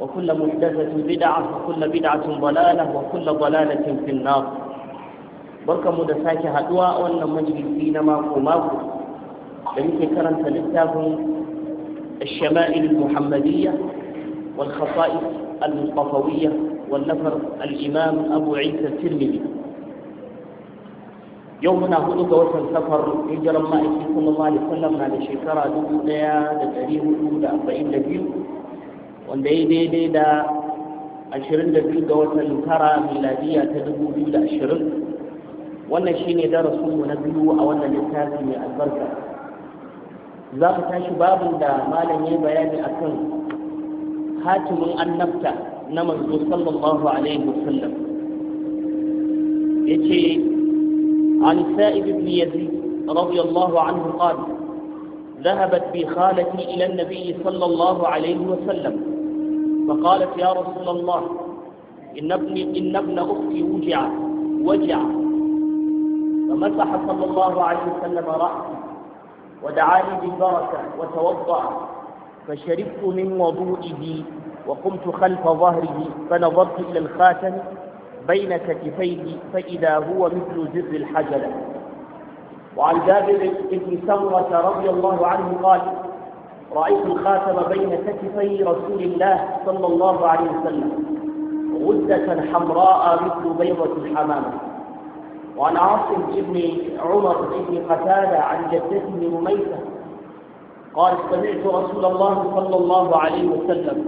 وكل محدثة بدعة وكل بدعة ضلالة وكل ضلالة في النار بركة مدساكة هدواء وأن فينا ماكو ماكو لمثل كرم ثلاثة الشمائل المحمدية والخصائص المصطفوية والنفر الإمام أبو عيسى الترمذي يومنا هدو قوسا سفر هجر ما صلى الله عليه وسلم على شكرا دبو ديا دتاريه دبو دأربعين دبيو wanda ya daidai da 22 ga watan tara miladiya ta 2020 wannan shine darasinmu na biyu a wannan littafi mai albarka za mu tashi babin da malam ya bayani akan hatimin annabta na manzo sallallahu alaihi wasallam yace عن سائب بن يزيد رضي الله عنه قال ذهبت بخالتي إلى النبي صلى الله عليه وسلم فقالت يا رسول الله إن ابني إن ابن أختي وجع وجع فمسح صلى الله عليه وسلم رأسي ودعاني بالبركة وتوضأ فشربت من وضوئه وقمت خلف ظهره فنظرت إلى الخاتم بين كتفيه فإذا هو مثل زر الحجلة وعن جابر بن سمرة رضي الله عنه قال رأيت الخاتم بين كتفي رسول الله صلى الله عليه وسلم غدة حمراء مثل بيضة الحمامة وعن عاصم بن عمر بن قتادة عن جدته مميتة قال سمعت رسول الله صلى الله عليه وسلم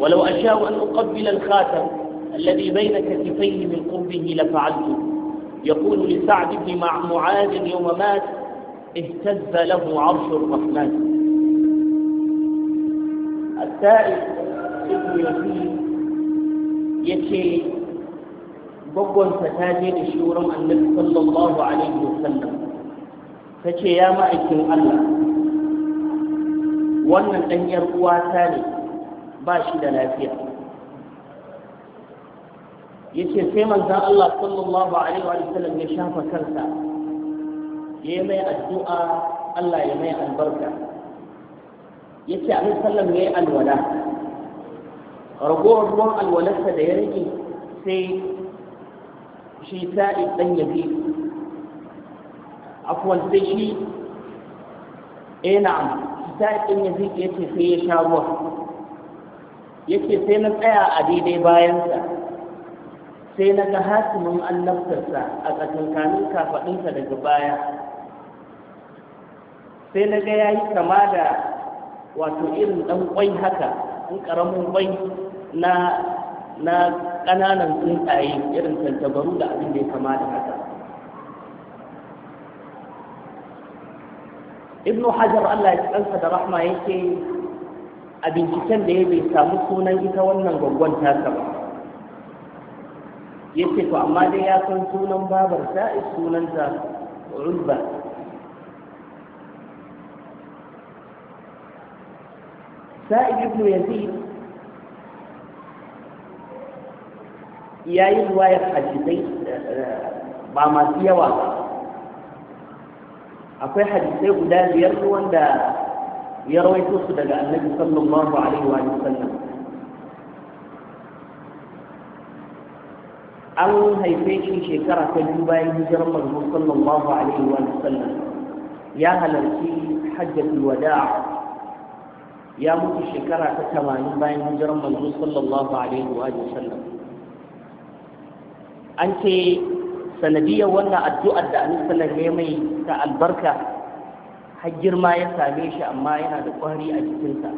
ولو أشاء أن أقبل الخاتم الذي بين كتفيه من قربه لفعلته يقول لسعد بن معاذ يوم مات اهتز له عرش الرحمن sa'id ibn yazid yace gwaggwansa ta je da shi wurin annabi sallallahu alaihi wasallam ta ce ya ma'aikin Allah wannan ɗan ‘yar uwata ne ba shi da lafiya ya ce sai manzan Allah sallallahu alaihi Sallam, ya shafa kansa ya yi mai addu'a Allah ya mai albarka ya ce alaihi sallam ya yi alwala ragowar ruwan alwalarsa da ya rage sai shi sa'id ɗan ya fi afuwan sai shi eh na'am sa'id ɗan ya fi ya ce sai ya sha ruwa ya ce sai na tsaya a daidai bayansa sai na ga hatimin annabtarsa a tsakankanin kafaɗinsa daga baya sai na ga ya yi kama da wato irin ɗan kwai haka in karamin kwai na na ƙananan tsuntsaye irin tantabaru da abin da ya kama da haka ibn hajar allah ya kansa da rahma yake a binciken da ya bai samu sunan ita wannan gwaggon tasa ba ya ce to amma dai ya san sunan babarsa sunanta ulba سائل ابن يزيد يا يزوى حديثين آه، آه، بعماسية واضحة أقول حديثين قدام يروى أن يروى تصدق النبي صلى الله عليه وآله وسلم أن هيفين في شكرة تجربة هجر الله صلى الله عليه وآله وسلم يا هلالكي حجة الوداع ya mutu shekara ta tamanin bayan hijiran manzo sallallahu alaihi wa sallam an ce sanadiyar wannan addu'ar da annabi sallallahu ya mai ta albarka har girma ya same shi amma yana da kwari a jikinsa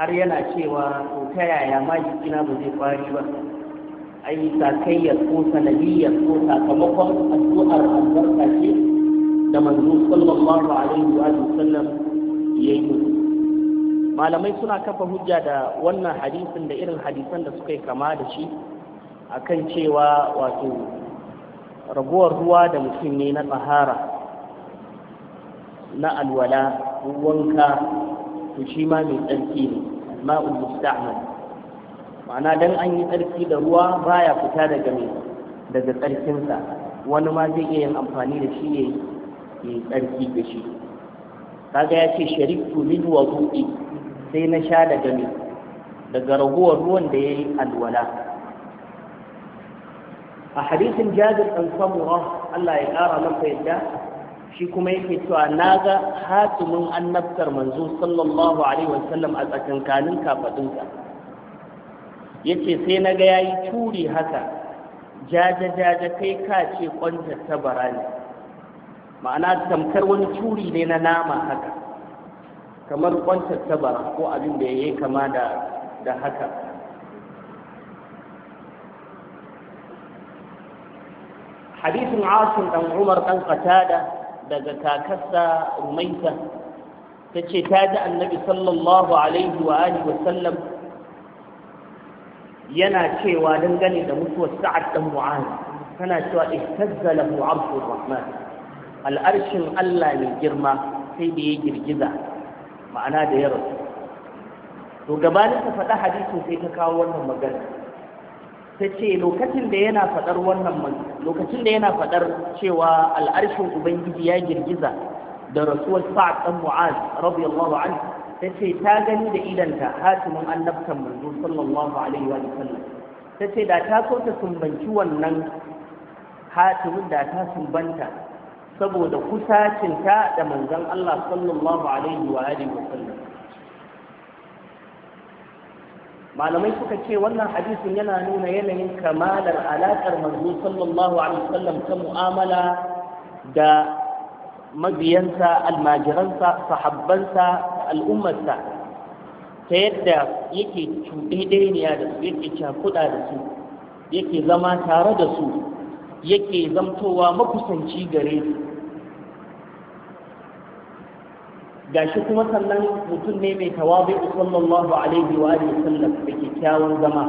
har yana cewa to ta yaya ma jikina ba zai kwari ba ai sakayyar ko sanadiyyar ko sakamakon addu'ar albarka ce da manzo sallallahu alaihi wa sallam yayi malamai suna kafa hujja da wannan hadisin da irin hadisan da suka yi kama da shi akan cewa wato raguwar ruwa da mutum ne na tsahara na alwala wanka to shi ma mai tsarki ne ma'ul musta'mal ma'ana dan an yi tsarki da ruwa baya fita daga mai daga tsarkinsa wani ma zai iya yin amfani da shi ya yi tsarki da shi kaga ya ce shariftu min wudu'i sai na sha daga ne daga raguwar ruwan da ya yi alwala a hadisin jazir ɗan samura Allah ya ƙara masa yadda shi kuma yake cewa na ga hatimin annabtar manzo sallallahu alaihi wasallam a tsakankanin kafaɗinsa ya ce sai na ga ya yi turi haka jaja-jaja kai ka ce kwanta ta bara ne ma'ana tamkar wani turi ne na nama haka kamar kwantar tabara ko abin da ya yi kama da haka hadisin asin ɗan umar ɗan qatada daga kakarsa rumaita ta ce ta ji annabi sallallahu alaihi wa alihi wa sallam yana cewa dangane da mutuwar sa'ad ɗan mu'az tana cewa ihtazza lahu arshur rahman al'arshin Allah mai girma sai da ya girgiza ma'ana da yawa. rasu to gabanin ta faɗa hadisin sai ta kawo wannan magana ta ce lokacin da yana faɗar wannan lokacin da yana faɗar cewa al'arshin ubangiji ya girgiza da rasuwar sa'ad dan mu'az radiyallahu anhu ta ce ta gani da idanta hatimin annabtan manzo sallallahu alaihi wa sallam ta ce da ta so ta sumbanci wannan hatimin da ta sumbanta saboda kusacinta da manzon Allah sallallahu alaihi wa sallam malamai suka ce wannan hadisin yana nuna yanayin kamalar alaƙar manzo sallallahu alaihi wasallam ta mu'amala da mabiyansa almajiransa sahabbansa al'ummarsa ta yadda yake cuɗeɗeniya da su yake cakuɗa da su yake zama tare da su yake zamtowa makusanci gare su gashi kuma sannan mutum ne mai tawabi sallallahu alaihi wa alihi sallam da kyakkyawan zama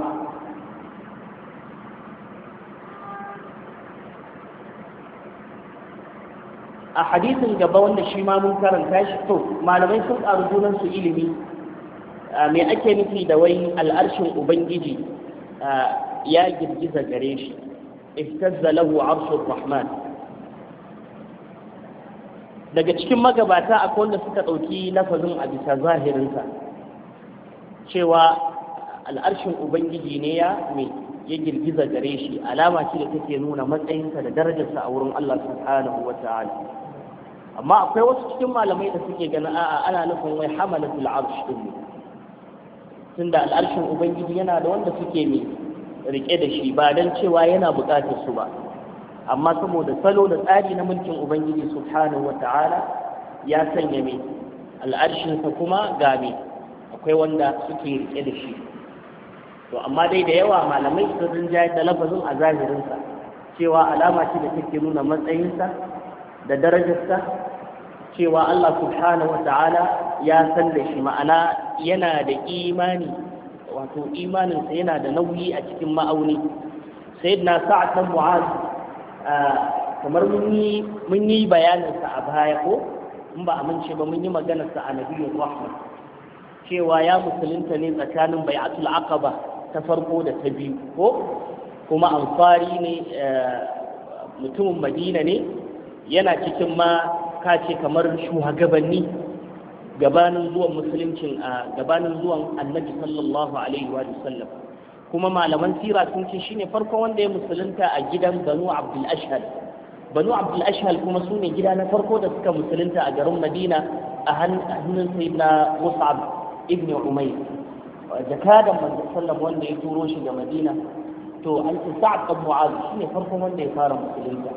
a hadisin gaba wanda shi ma mun karanta shi to malamai sun ƙaru junan su ilimi me ake nufi da wai al'arshin ubangiji ya girgiza gare shi iftazza lahu arshur rahman daga cikin magabata akwai wanda suka ɗauki lafazin a bisa zahirinsa cewa al'arshin ubangiji ne ya mai ya girgiza gare shi alama ce da take nuna matsayinsa da darajarsa a wurin Allah subhanahu wa ta'ala amma akwai wasu cikin malamai da suke ganin a'a ana nufin wai hamalatul arsh din ne tunda al'arshin ubangiji yana da wanda suke mai rike da shi ba dan cewa yana buƙatar su ba amma saboda salo da tsari na mulkin ubangiji subhanahu wa ta'ala, ya sanya mai al'arshinsa kuma game akwai wanda suke rike da shi to amma dai da yawa malamai sun rinjaye da lafazin a zahirinsa cewa alama ce da take nuna matsayinsa da darajarsa cewa Allah subhanahu wa ta'ala, ya san da shi ma'ana yana da imani wato imaninsa yana da nauyi a cikin ma'auni sayyidina sa'ad dan mu'az kamar mun yi bayaninsa a baya ko in ba amince ba mun yi maganarsa a nabiyyar rahman cewa ya musulunta ne tsakanin bai'atul aqaba ta farko da ta biyu ko kuma amfari ne eh, mutumin madina ne yana cikin ma kace kamar shugabanni gabanin zuwan musuluncin a gabanin zuwan annabi sallallahu alaihi wa sallam kuma malaman sira sun ce shine farko wanda ya musulunta a gidan banu abdul ashhal banu abdul ashhal kuma su ne gida na farko da suka musulunta a garin madina a hannun sayyidina mus'ab ibn umayr jakadan manzo sallam wanda ya turo shi ga madina to an ce sa'ad ibn mu'az shine farko wanda ya fara musulunta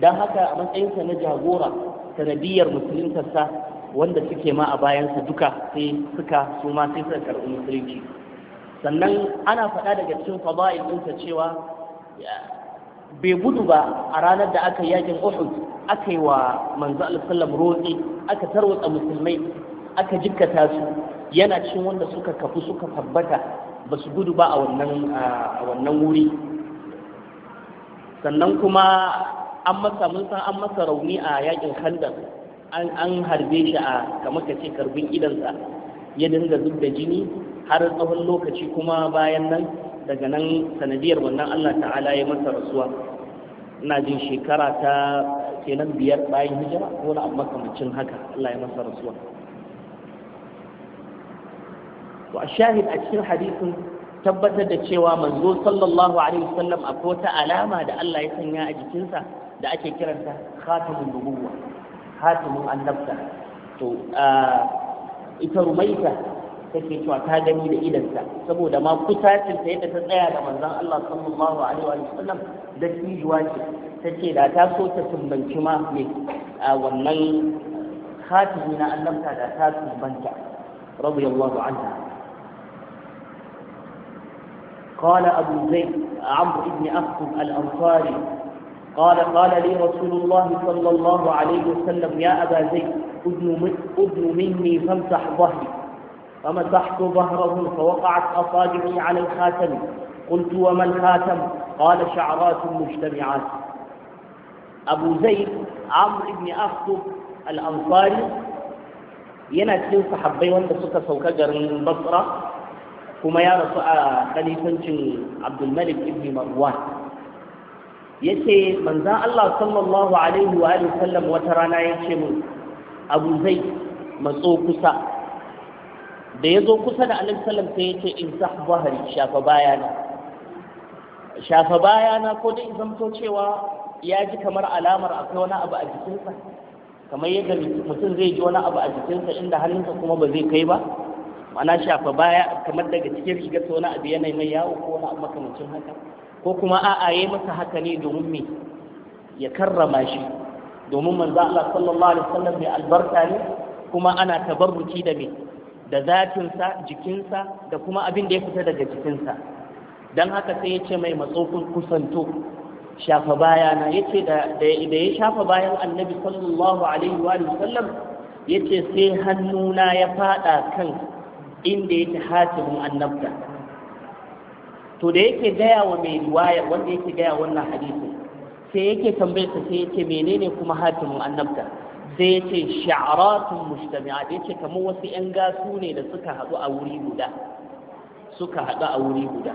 dan haka a matsayinsa na jagora sanadiyar musuluntarsa wanda suke ma a bayansa duka sai suka su ma sai suka karɓi musulunci sannan ana faɗa daga cikin fada'il ɗinsa cewa bai gudu ba a ranar da aka yakin Uhud aka yi wa manzo al-sallam aka tarwatsa musulmai aka jikkata su yana cin wanda suka kafu suka tabbata ba su gudu ba a wannan a wannan wuri sannan kuma an masa mun san an masa rauni a yakin Khandaq an harbe shi a kamar kace karbin idansa ya dinga zub da jini har tsawon lokaci kuma bayan nan daga nan sanadiyar wannan Allah ta'ala ya masa rasuwa ina jin shekara ta kenan biyar bayan hijira ko na makamancin haka Allah ya masa rasuwa to a shahid a cikin hadisin tabbatar da cewa manzo sallallahu alaihi wasallam akwai wata alama da Allah ya sanya a jikinsa da ake kiranta khatamun nubuwa khatamun annabta to ita rumaita take cewa ta gani da idansa saboda ma kusacin ta yadda ta tsaya da manzon Allah sallallahu alaihi wa sallam da tijuwa ce tace da ta so ta tumbanci ma mai wannan khatimi na annabta da ta tumbanta radiyallahu anha قال أبو زيد عمرو بن أخطب الأنصاري قال قال لي رسول الله صلى الله عليه وسلم يا أبا زيد أدن مني فامسح ظهري فمسحت ظهره فوقعت اصابعي على الخاتم قلت وما الخاتم قال شعرات مجتمعات ابو زيد عمرو بن اخطب الانصاري ينكسر صحابي وانت سكا سوكا من البصره كما يرى آه، خليفه عبد الملك بن مروان yace manzan Allah sallallahu alaihi wa sallam wata rana ya ce mun abu zai matso da ya zo kusa da alaihi salam sai ya ce in sa Buhari shafa bayana shafa bayana ko dai zamto cewa ya ji kamar alamar akwai wani abu a jikinsa kamar yadda mutum zai ji wani abu a jikinsa inda hannunsa kuma ba zai kai ba mana shafa baya kamar daga cikin rigarsa wani abu yanayi mai yawo ko wani abu makamancin haka ko kuma a'a ya masa haka ne domin me ya karrama shi domin manzo Allah sallallahu alaihi wasallam mai albarka ne kuma ana tabarruki da me da zatinsa jikinsa da kuma abin da ya fita daga jikinsa don haka sai ya ce mai matsofin kusanto shafa bayana ya ce da ya shafa bayan annabi sallallahu alaihi wa sallam ya ce sai hannuna ya fada kan inda yake hatimin annabta to da yake gaya wa mai riwayar wanda yake gaya wannan hadisi sai yake tambayarsa sai yake menene kuma hatimin annabta sai sha'aratun sha'ratun mujtami'at ce kamar wasu 'yan gasu ne da suka haɗu a wuri guda suka haɗu a wuri guda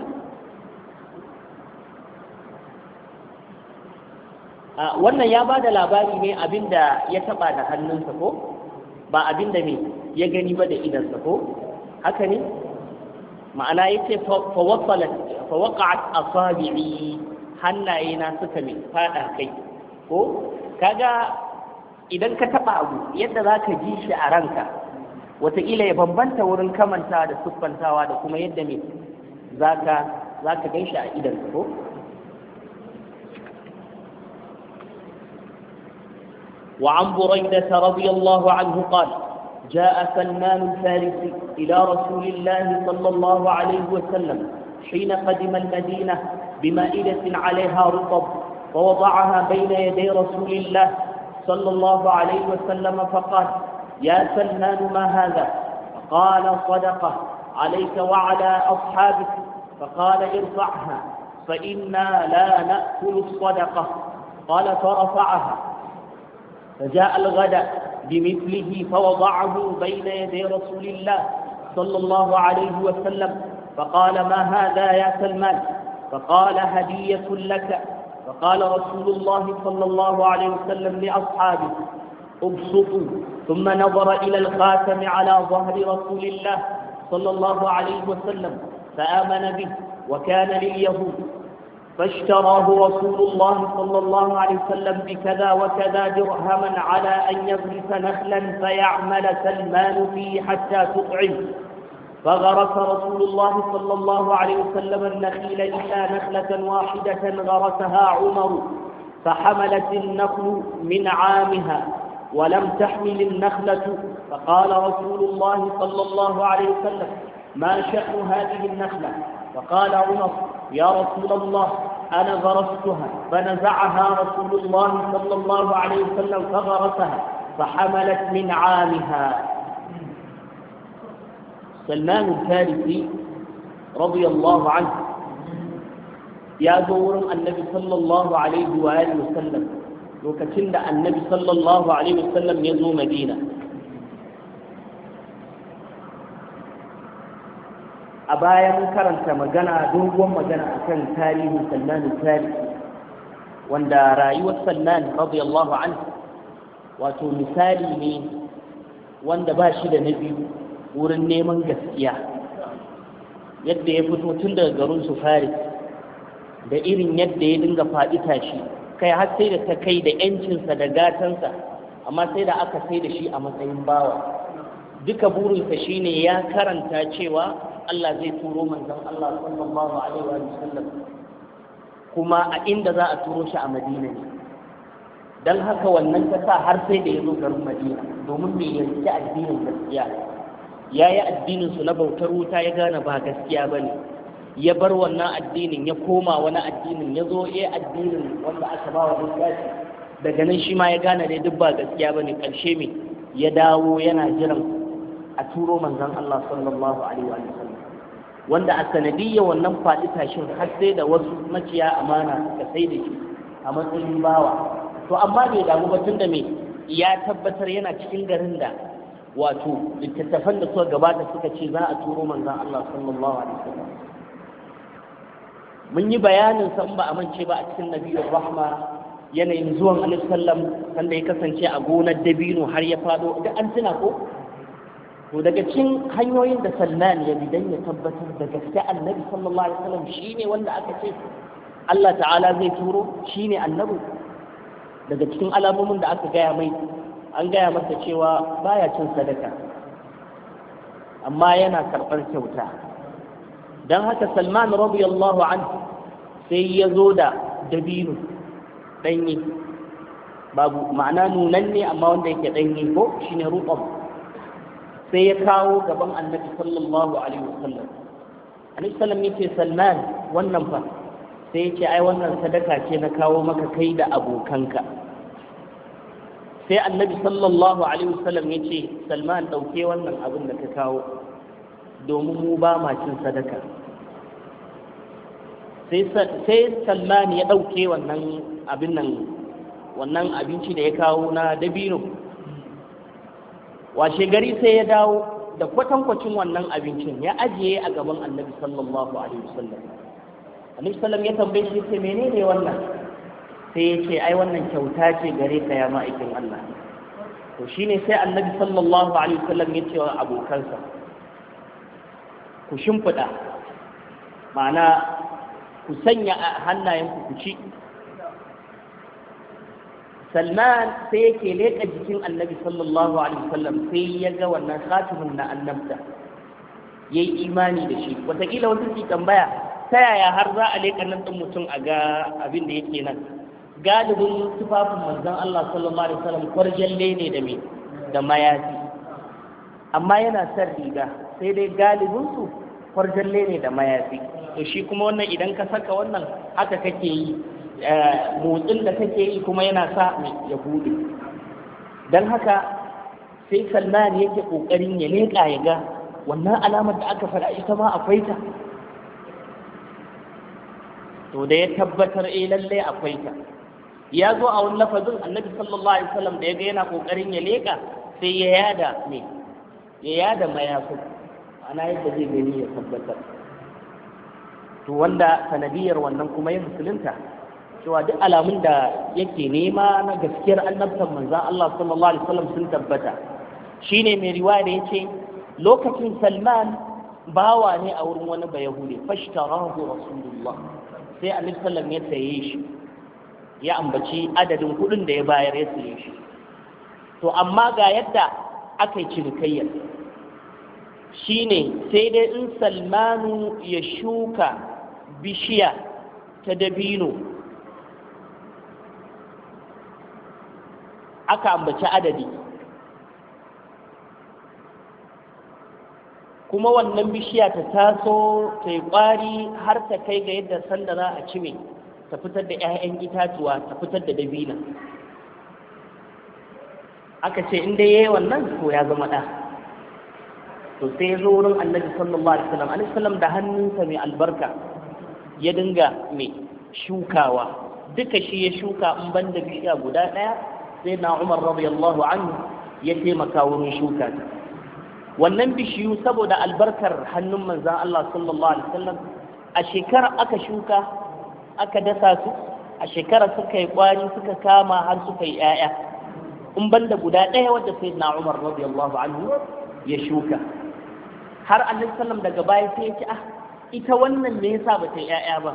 wannan ya ba da labari ne abinda ya taba da hannunsa ko ba abinda me ya gani ba da idansa ko haka ne ma'ana ya fa wasalat a waqa'at hannaye na suka mai fada kai ko kaga idan ka taba abu yadda zaka ji shi a ranka wataƙila ya bambanta wurin kamantawa da siffantawa da kuma yadda ne zaka zaka gan shi a idan ko وعن بريدة رضي الله عنه قال جاء سلمان الفارسي إلى رسول الله صلى الله عليه وسلم حين قدم المدينة بمائدة عليها رطب ووضعها بين يدي رسول الله صلى الله عليه وسلم فقال يا سلمان ما هذا فقال صدقة عليك وعلى أصحابك فقال ارفعها فإنا لا نأكل الصدقة قال فرفعها فجاء الغداء بمثله فوضعه بين يدي رسول الله صلى الله عليه وسلم فقال ما هذا يا سلمان فقال هدية لك فقال رسول الله صلى الله عليه وسلم لأصحابه ابسطوا ثم نظر إلى الخاتم على ظهر رسول الله صلى الله عليه وسلم فآمن به وكان لليهود فاشتراه رسول الله صلى الله عليه وسلم بكذا وكذا درهما على أن يغرس نخلا فيعمل سلمان فيه حتى تطعمه فغرس رسول الله صلى الله عليه وسلم النخيل إلا نخلة واحدة غرسها عمر فحملت النخل من عامها ولم تحمل النخلة فقال رسول الله صلى الله عليه وسلم ما شأن هذه النخلة فقال عمر يا رسول الله أنا غرستها فنزعها رسول الله صلى الله عليه وسلم فغرسها فحملت من عامها سلمان الفارسي رضي الله عنه يا دور النبي صلى الله عليه وآله وسلم لوكتند النبي صلى الله عليه وسلم يزور مدينة أبايا مكرن كما جنا دوغم مجنا أكن تاريه سلمان الفارسي وندا رايو سلمان رضي الله عنه واتو مثالي من وندا باشد wurin neman gaskiya yadda ya fito tun daga garin su faris da irin yadda ya dinga faɗi tashi kai har sai da ta kai da yancinsa da gatansa amma sai da aka sai da shi a matsayin bawa duka burinsa shine ya karanta cewa Allah zai turo manzon Allah sallallahu alaihi wa sallam kuma a inda za a turo shi a Madina ne dan haka wannan ta sa har sai da ya zo garin Madina domin me yanke addinin gaskiya ya yi addininsu na bautar wuta ya gane ba gaskiya ba ne ya bar wannan addinin ya koma wani addinin ya zo ya addinin wanda aka ba wa gaskiya daga nan shi ma ya gane dai duk ba gaskiya ba ne ƙarshe me ya dawo yana jiran a turo manzon Allah sallallahu alaihi wa sallam wanda a sanadiyya wannan faɗi tashin har sai da wasu maciya amana suka sai da shi a matsayin bawa to amma bai damu ba tun da me ya tabbatar yana cikin garin da wato littattafan da suka gabata suka ce za a turo manzan Allah sallallahu alaihi wasallam mun yi bayanin san ba a mance ba a cikin nabiyar rahma yanayin zuwan alaihi sallam sanda ya kasance a gonar dabino har ya fado da an tuna ko to daga cikin hanyoyin da salman ya bi dan ya tabbatar da gaske annabi sallallahu alaihi wasallam shine wanda aka ce Allah ta'ala zai turo shine annabi daga cikin alamomin da aka gaya mai an gaya masa cewa baya cin sadaka amma yana karɓar kyauta don haka salman radiyallahu an sai ya zo da dabino ɗanyi babu ma'ana nunan ne amma wanda yake ɗanyi ko shine ruɓam sai ya kawo gaban annabi sallallahu alaihi wasallam annabi sallam yake salman wannan fa sai ya ce ai wannan sadaka ce na kawo maka kai da abokanka sai annabi sallallahu alaihi wasallam ya ce salman ɗauke wannan abin da ka kawo domin mu ba ma cin sadaka sai salman ya ɗauke wannan abin nan wannan abinci da ya kawo na dabino washe gari sai ya dawo da kwatankwacin wannan abincin ya ajiye a gaban annabi sallallahu alaihi wasallam annabi sallam ya tambaye shi sai menene wannan sai ya ce ai wannan kyauta ce gare ka ya ma'aikin Allah to shine sai annabi sallallahu alaihi wasallam ya ce wa abokansa ku shimfiɗa ma'ana ku sanya a hannayenku ku ci salman sai yake leƙa jikin annabi sallallahu alaihi wasallam sai ya ga wannan khatimin na annabta ya yi imani da shi wataƙila wasu su tambaya ta yaya har za a leƙa nan ɗin mutum a ga abin da yake nan galibin tufafin manzon Allah sallallahu alaihi wasallam kwarjalle ne da me da mayafi amma yana san riga sai dai galibin su ne da mayafi to shi kuma wannan idan ka saka wannan haka kake yi eh, motsin da kake yi kuma yana sa mai ya bude don haka sai salman yake kokarin ya leƙa ya ga wannan alamar da aka faɗa ita ma akwai ta to da ya tabbatar eh lallai akwai ta ya zo a wani lafazin annabi sallallahu alaihi wasallam da ya ga yana kokarin ya leka sai ya yada ne ya yada mayaku ana yadda zai gani ya tabbatar to wanda sanadiyar wannan kuma ya musulunta cewa duk alamun da yake nema na gaskiyar annabtan manzan Allah sallallahu alaihi wasallam sun tabbata Shi ne mai riwaya da ya ce lokacin Salman bawa ne a wurin wani bayahudi fashtarahu rasulullah sai annabi sallallahu alaihi wasallam ya saye shi ya ambaci adadin kuɗin da ya bayar ya siye shi to amma ga yadda aka yi cinikayyar shine sai dai in salmanu ya shuka bishiya ta dabino aka ambaci adadi kuma wannan bishiya ta taso ta yi ƙwari har ta kai ga yadda sanda za a cime ta fitar da 'ya'yan itatuwa ta fitar da dabina aka ce in dai yayi wannan ko ya zama ɗa to sai ya zo wurin annabi sallallahu alaihi wasallam alaihi wasallam da hannunsa mai albarka ya dinga mai shukawa duka shi ya shuka in ban da bishiya guda ɗaya sai na umar radiyallahu anhu ya taimaka wurin shuka ta wannan bishiyu saboda albarkar hannun manzan Allah sallallahu alaihi wasallam a shekarar aka shuka aka dasa su a shekara suka yi kwari suka kama har suka yi ƴaƴa. in banda guda ɗaya wadda sai na umar radiyallahu anhu ya shuka har annabi sallam daga baya sai ya ce ah ita wannan me yasa ba ta yi 'ya'ya ba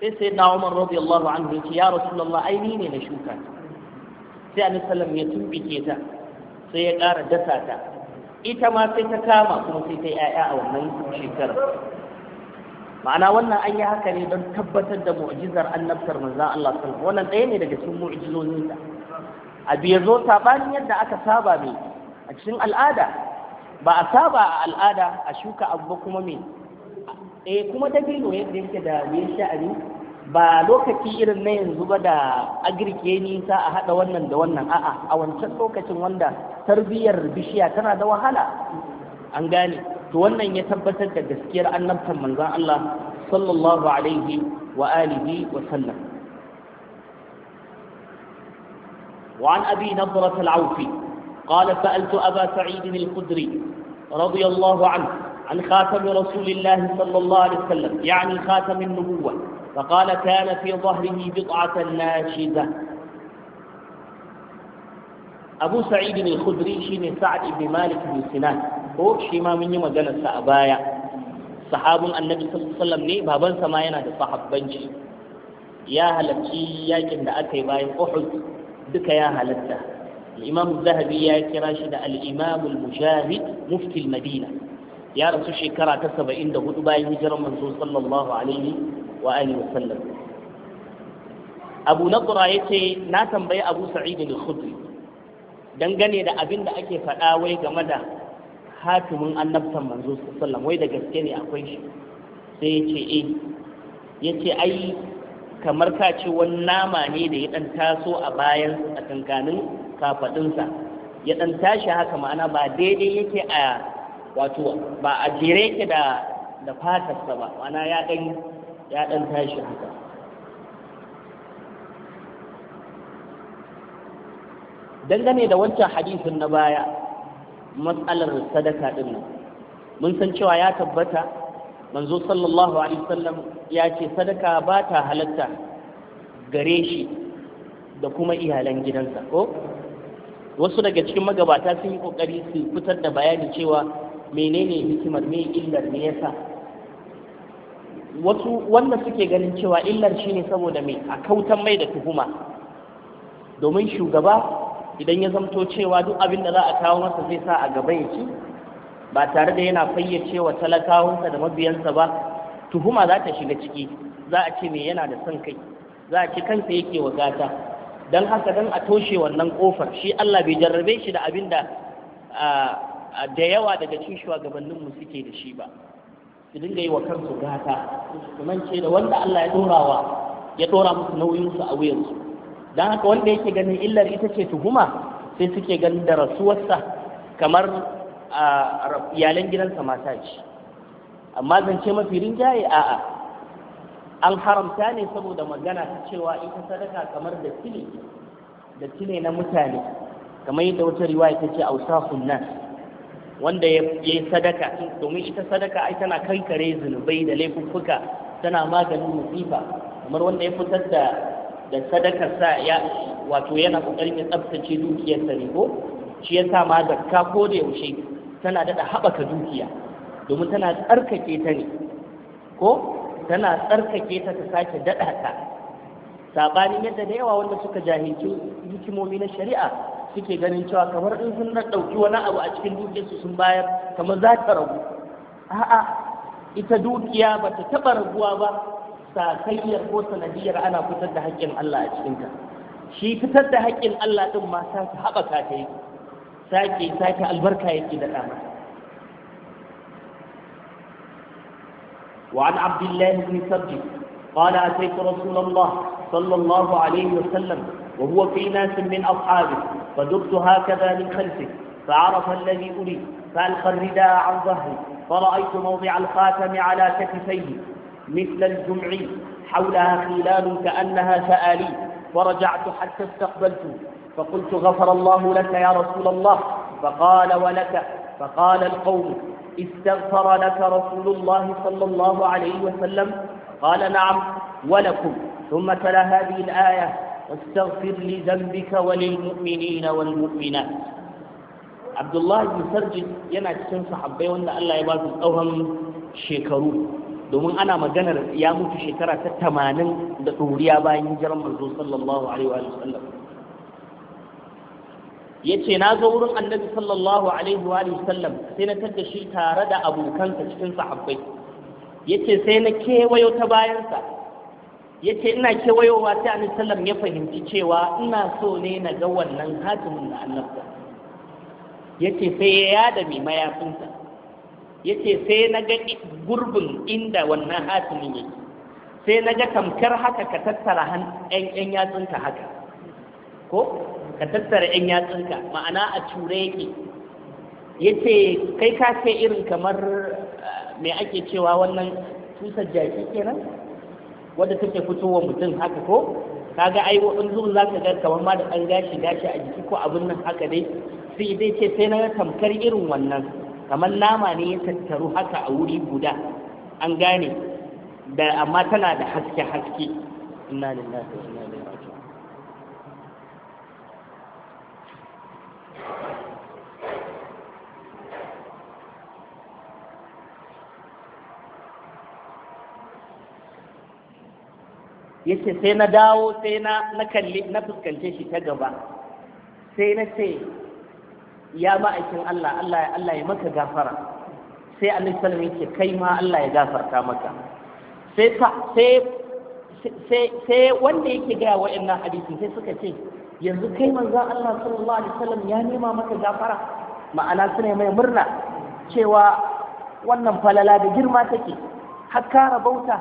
sai sai na umar radiyallahu anhu ya ce ya rasulullah ai ni ne na shuka sai annabi sallam ya tumbike ta sai ya ƙara dasa ta ita ma sai ta kama kuma sai ta yi ƴaƴa a wannan shekarar ma'ana wannan an yi haka ne don tabbatar da mu'jizar annabtar manzan Allah sallallahu wannan ɗaya ne daga cikin mu'jizozin da abu ya zo ni yadda aka saba mai a cikin al'ada ba a saba a al'ada a shuka abu kuma mai eh kuma dabino yadda yake da mai sha'ani ba lokaci irin na yanzu ba da agirke nisa a haɗa wannan da wannan a'a a wancan lokacin wanda tarbiyyar bishiya tana da wahala an gane to wannan ya tabbatar da gaskiyar annabtan manzon Allah sallallahu alaihi wa alihi wa sallam وعن أبي نضرة العوفي قال سألت أبا سعيد الخدري رضي الله عنه عن خاتم رسول الله صلى الله عليه وسلم يعني خاتم النبوة فقال كان في ظهره بضعة ناشزة abu sa'id bin khudri shine sa'ad ibn malik bin sinan ko shi ma mun yi maganar sa a baya Sahabun annabi sallallahu alaihi wasallam ne babansa ma yana da sahabbanci ya halarci yakin da aka yi bayan Uhud duka ya halatta al-Imam Zahabi ya kira shi da al-Imam al-Mujahid mufti al-Madina ya rasu shekara ta 74 bayan hijirar manzo sallallahu alaihi wa alihi wasallam Abu Nadra yace na tambayi Abu Sa'id al-Khudri dangane da abin da ake faɗa wai game da hatimin annabtan manzo sallam wai da gaske ne akwai shi sai ya ce eh ya ce ai kamar ka ce wani nama ne da ya ɗan taso a bayan a tankanin kafaɗinsa ya ɗan tashi haka ma'ana ba daidai yake a wato ba a jere yake da da fatarsa ba ma'ana ya ɗan ya ɗan tashi haka dangane da wancan hadisin na baya matsalar sadaka din mun san cewa ya tabbata manzo sallallahu alaihi wasallam ya ce sadaka ba ta halatta gare shi da kuma iyalan gidansa ko wasu daga cikin magabata sun yi kokari su fitar da bayani cewa menene hikimar me illar me yasa wasu wanda suke ganin cewa illar shine saboda me a mai da tuhuma domin shugaba idan ya zamto cewa duk abin da za a kawo masa zai sa a gaba ya ci ba tare da yana fayyace wa talakawansa da mabiyansa ba tuhuma za ta shiga ciki za a ce me yana da son kai za a ce kansa yake wa gata don haka don a toshe wannan kofar shi Allah bai jarrabe shi da abin da da yawa daga cikin mu suke da shi ba su dinga yi wa kansu gata su mance da wanda Allah ya ya dora musu nauyinsu a wuyansu don haka wanda yake ganin illar ita ce tuhuma sai suke ganin da rasuwarsa kamar iyalan gidansa mata ce amma zance mafi rinjaye a'a an haramta ne saboda magana ta cewa ita sadaka kamar da tile da tile na mutane kamar yadda wata riwaya ta ce ausafun nas wanda ya yi sadaka domin ita sadaka ai tana kankare zunubai da laifuffuka tana maganin musifa kamar wanda ya fitar da da sadakar sa ya wato yana kokarin ya tsabtace dukiyar sa ne ko shi yasa ma zakka ko da yaushe tana dada haɓaka dukiya domin tana tsarkake ta ne ko tana tsarkake ta ta sake daɗa ta saɓanin yadda da yawa wanda suka jahilci hikimomi na shari'a suke ganin cewa kamar in sun ɗauki wani abu a cikin dukiyarsu sun bayar kamar za ta ragu a'a ita dukiya ba ta taɓa raguwa ba sakayyar ko sanadiyar ana fitar da haƙƙin Allah a cikinta shi fitar da haƙƙin Allah ɗin ma sake haɓaka ta yi sake sake albarka yake da وعن عبد الله بن سبج قال أتيت رسول الله صلى الله عليه وسلم وهو في ناس من أصحابه فدبت هكذا من خلفه فعرف الذي أريد فألقى الرداء عن ظهري فرأيت موضع الخاتم على كتفيه مثل الجمع حولها خلال كأنها شآلي فرجعت حتى استقبلت فقلت غفر الله لك يا رسول الله فقال ولك فقال القوم استغفر لك رسول الله صلى الله عليه وسلم قال نعم ولكم ثم تلا هذه الآية واستغفر لذنبك وللمؤمنين والمؤمنات عبد الله بن سرجد yana cikin sahabbai wanda الله ya ba su tsawon domin ana maganar ya mutu shekara ta tamanin da ɗoriya bayan jiran manzo sallallahu alaihi wa sallam ya ce na zo wurin annabi sallallahu alaihi wa sallam sai na tadda shi tare da abokansa cikin sahabbai ya ce sai na kewayo ta bayansa ya ce ina kewayowa sai annabi sallam ya fahimci cewa ina so ne na ga wannan hatimin da annabta ya ce sai ya yada mai mayafinsa Ya ce sai na ga gurbin inda wannan hatimin yake sai na ga tamkar haka ka tattara yan yatsunka haka ko ka tattara yan yatsunka ma'ana a ture yake ce kai ka ce irin kamar eh, me ake cewa wannan tusar jaki kenan wadda take fitowa mutum haka ko kaga ai wani zuwa za ka ga kamar ma da an gashi gashi a jiki ko abin nan haka dai sai dai ce sai na tamkar irin wannan kamar nama ne ya tattaru haka a wuri guda an gane da amma tana da haske haske inna lillahi wa yace sai na dawo sai na na kalli na fuskance shi ta gaba sai na ce ya ma'aikin Allah Allah ya Allah ya maka gafara sai annabi sallallahu alaihi wasallam kai ma Allah ya gafarta maka sai sai sai wanda yake ga wa'annan hadisi sai suka ce yanzu kai manzon Allah sallallahu alaihi wasallam ya nema maka gafara ma'ana su ne mai murna cewa wannan falala da girma take har kara bauta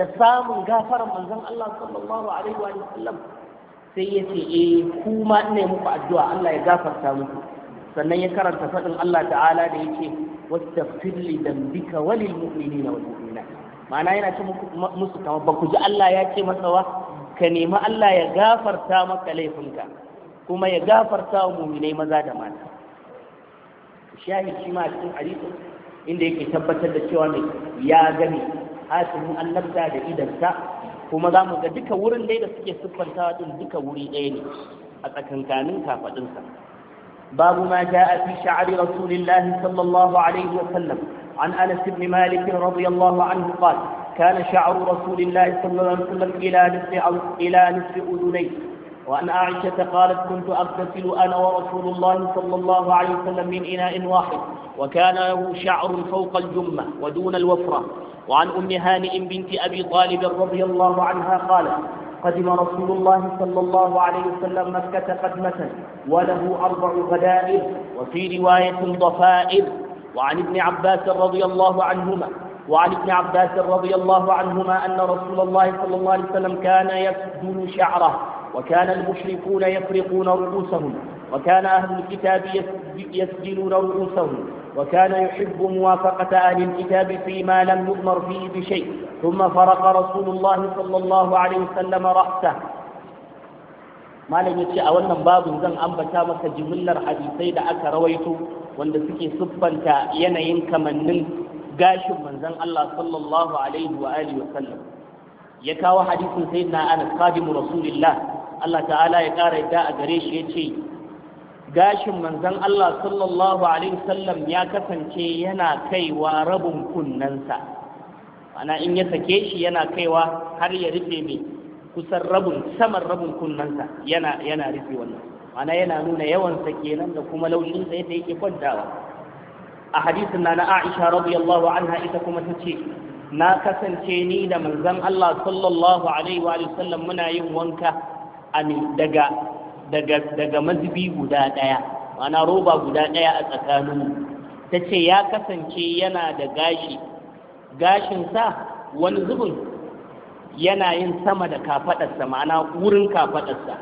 da samun gafaran manzon Allah sallallahu alaihi wasallam sai ya yace eh kuma ina muku addu'a Allah ya gafarta muku sannan ya karanta faɗin Allah ta'ala da yake wastaghfir li dambika walil na wal mu'minat ma'ana yana ce musu kama ba ku ji Allah ya ce matsawa ka nemi Allah ya gafarta maka laifinka kuma ya gafarta wa mu'minai maza da mata shahid shi ma cikin hadisi inda yake tabbatar da cewa ne ya gani hasimin annabta da idansa kuma za mu ga duka wurin dai da suke siffantawa din duka wuri ɗaya ne a tsakankanin kafaɗinsa باب ما جاء في شعر رسول الله صلى الله عليه وسلم عن أنس بن مالك رضي الله عنه قال كان شعر رسول الله صلى الله عليه وسلم إلى نصف, إلى نصف أذنيه وعن عائشة قالت كنت أغتسل أنا ورسول الله صلى الله عليه وسلم من إناء واحد وكان له شعر فوق الجمة ودون الوفرة وعن أم هانئ بنت أبي طالب رضي الله عنها قالت قدم رسول الله صلى الله عليه وسلم مكة قدمة وله أربع غدائر وفي رواية ضفائر وعن ابن عباس رضي الله عنهما وعن ابن عباس رضي الله عنهما أن رسول الله صلى الله عليه وسلم كان يسدل شعره وكان المشركون يفرقون رؤوسهم وكان أهل الكتاب يسجلون رؤوسهم وكان يحب موافقة أهل الكتاب فيما لم يؤمر فيه بشيء ثم فرق رسول الله صلى الله عليه وسلم رأسه ما لم يتشع أولا بعض ذن أم بتامك جملة حديثي دعك رويته وانت صفا كأينا ينك من نم قاش من زن الله صلى الله عليه وآله وسلم يكاو حديث سيدنا أنا قادم رسول الله الله تعالى يقارئ داء قريش يتشي gashin manzon Allah sallallahu alaihi wasallam ya kasance yana kaiwa rabin kunnensa ana in ya sake shi yana kaiwa har ya rufe mai kusan rabin saman rabin kunnensa yana yana rufe wannan ana yana nuna yawan sa kenan da kuma laushin sa yadda yake kwantawa a hadisin na na Aisha radiyallahu anha ita kuma ta ce. na kasance ni da manzon Allah sallallahu alaihi wa sallam muna yin wanka ani daga daga mazubi guda ɗaya mana roba guda ɗaya a tsakanin ta ce ya kasance yana da gashi gashinsa wani zubin yana yin sama da kafaɗarsa ma'ana wurin kafaɗarsa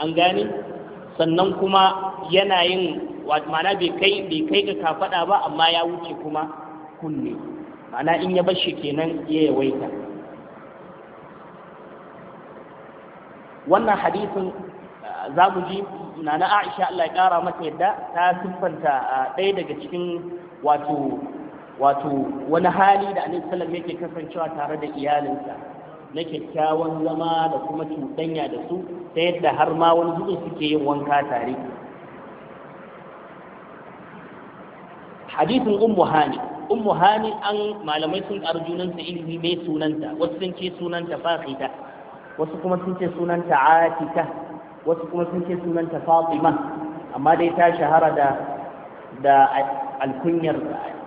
an gani sannan kuma yana yin ma'ana bai kai ga kafaɗa ba amma ya wuce kuma kunne ma'ana in ya bashi kenan ya yawaita wannan hadisin za mu ji nana Aisha Allah ya kara mata yadda ta siffanta ɗaya daga cikin wato wato wani hali da Annabi sallallahu yake kasancewa tare da iyalinsa na kyakkyawan zama da kuma cuɗanya da su ta yadda har ma wani zuɗin suke yin wanka tare hadisin ummu hani ummu hani an malamai sun junansa ilimi mai sunanta wasu sun ce sunanta fasita wasu kuma sun ce sunanta atika wasu kuma sun ce sunanta fatima amma dai ta shahara da da alkunyar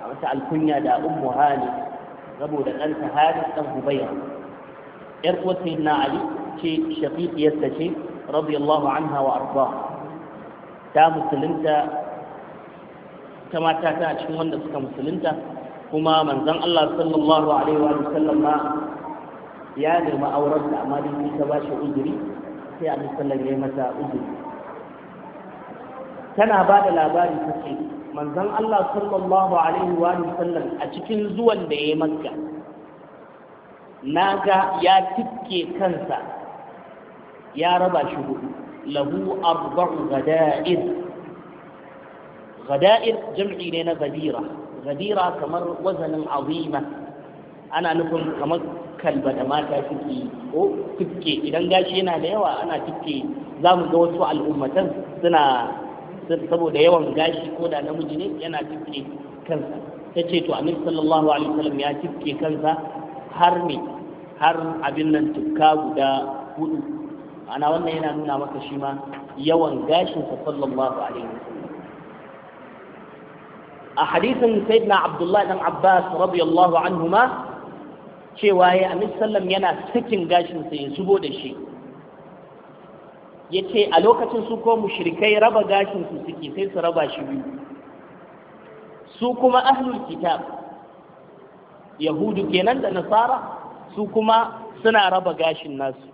wata alkunya da ummu hali saboda ɗanta hali ɗan hubayya yar uwar sayyidina ali ce shaqiqiyarta ce radiyallahu anha wa arda ta musulunta ta mata ta cikin wanda suka musulunta kuma manzon Allah sallallahu alaihi wa sallam ya nemi aurenta amma dai ta ba shi uzuri sai annabi sallallahu mata uzuri tana ba da labari ta ce manzon Allah sallallahu alaihi wa sallam a cikin zuwan da ya yi na ga ya tike kansa ya raba shi hudu lahu arba'u gada'ir gada'ir jam'i ne na gadira gadira kamar wazanin azima ana nufin kamar kalba da mata suke ko tufke idan gashi yana da yawa ana tufke za mu ga wasu al'ummatan suna saboda yawan gashi ko da namiji ne yana tufke kansa ta ce to amir sallallahu alaihi wasallam ya tufke kansa har ne har abin nan tukka guda hudu ana wannan yana nuna maka shi ma yawan gashinsa sallallahu alaihi wasallam a hadisin sayyidina abdullahi dan abbas radiyallahu ma. cewa ya amin sallam yana sakin gashinsa ya zubo da shi ya ce a lokacin su ko mushrikai raba gashinsu suke sai su raba shi biyu su kuma ahlul kitab yahudu kenan da nasara su kuma suna raba gashin nasu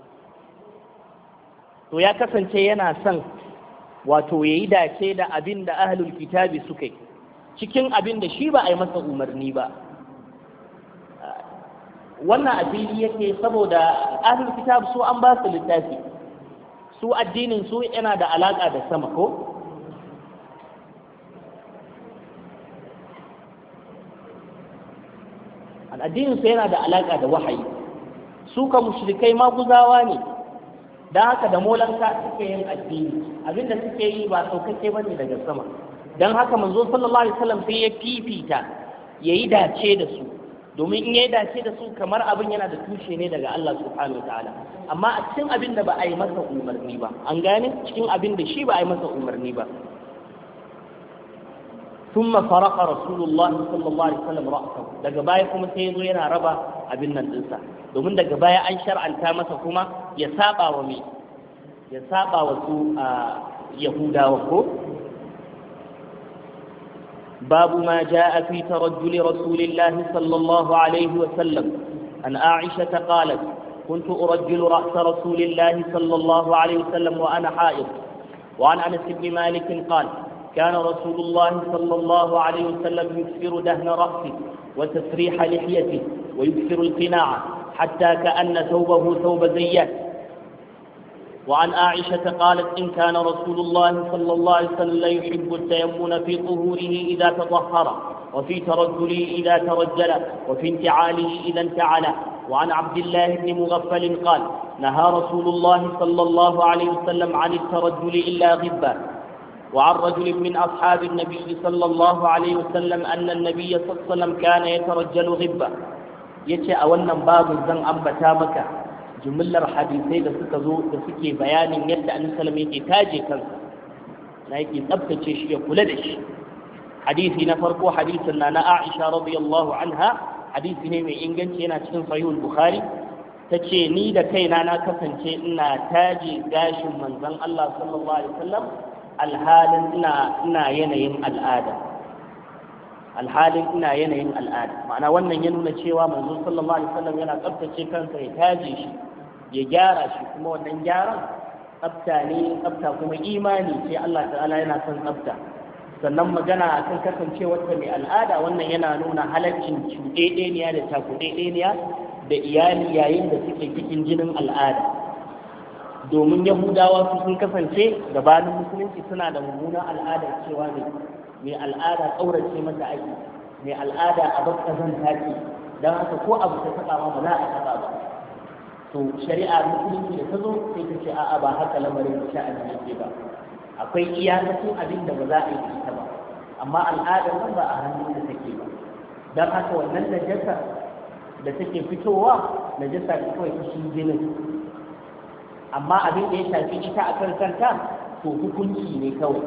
to ya kasance yana son wato ya yi dace da abin da ahlul kitabi suka yi cikin abin da shi ba a yi masa umarni ba wannan a fili yake saboda ahlul kitab su an ba su littafi su addinin su yana da alaka da sama ko addinin su yana da alaka da wahayi su ka mushrikai maguzawa ne don haka da molanka suke yin addini abinda suke yi ba saukake ba ne daga sama don haka manzo sallallahu alaihi wasallam sai ya fifita ya yi dace da su domin in yi dace da su kamar abin yana da tushe ne daga Allah subhanahu ta'ala amma a cikin abin da ba a yi masa umarni ba an gane cikin abin da shi ba a yi masa umarni ba ثم فرق رسول الله صلى الله عليه وسلم daga baya kuma sai yazo yana raba abin nan dinsa domin daga baya an shar'anta masa kuma ya saba wa mai ya saba wa su ah, yahudawa ko باب ما جاء في ترجل رسول الله صلى الله عليه وسلم أن عائشة قالت كنت أرجل رأس رسول الله صلى الله عليه وسلم وأنا حائض وعن أنس بن مالك قال كان رسول الله صلى الله عليه وسلم يكسر دهن رأسه وتسريح لحيته ويكسر القناعة حتى كأن ثوبه ثوب زيات وعن عائشة قالت إن كان رسول الله صلى الله عليه وسلم لا يحب التيمم في طهوره إذا تطهر وفي ترجله إذا ترجل وفي انتعاله إذا انتعل وعن عبد الله بن مغفل قال نهى رسول الله صلى الله عليه وسلم عن الترجل إلا غبا وعن رجل من أصحاب النبي صلى الله عليه وسلم أن النبي صلى الله عليه وسلم كان يترجل غبا يتأولنا باب الزن أم بتامك jumlar hadisai da suka zo da suke bayanin yadda annabi sallallahu yake taje kansa na yake tsabtace shi ya kula da shi hadisi na farko hadisin na na Aisha radiyallahu anha hadisi ne mai inganci yana cikin sahihul bukhari Ta ce ni da kaina na kasance ina taje gashin manzon Allah sallallahu alaihi wasallam alhalin ina ina yanayin al'ada alhalin ina yanayin al'ada ma'ana wannan ya nuna cewa manzon sallallahu alaihi wasallam yana tsabtace kansa ya taje shi ya gyara shi kuma wannan gyaran tsafta ne tsafta kuma imani ce Allah ta'ala yana son tsafta sannan magana akan kasancewar ta mai al'ada wannan yana nuna halaccin cuɗeɗeniya da takuɗeɗeniya da iyali yayin da suke cikin jinin al'ada domin yahudawa su sun kasance gabanin musulunci suna da mummunan al'ada cewa ne mai al'ada ƙaurace mata ake mai al'ada a bakka zan take don haka ko abu ta taɓa ma ba za a taɓa ba to shari'a musulunci da ta zo sai ta ce a'a ba haka lamarin da sha'ani yake ba akwai iyakacin abin da ba za a yi ita ba amma al'adar nan ba a hannun da take ba don haka wannan najasa da take fitowa najasa ta kawai ta jinin amma abin da ya shafi ita a kan kanta to hukunci ne kawai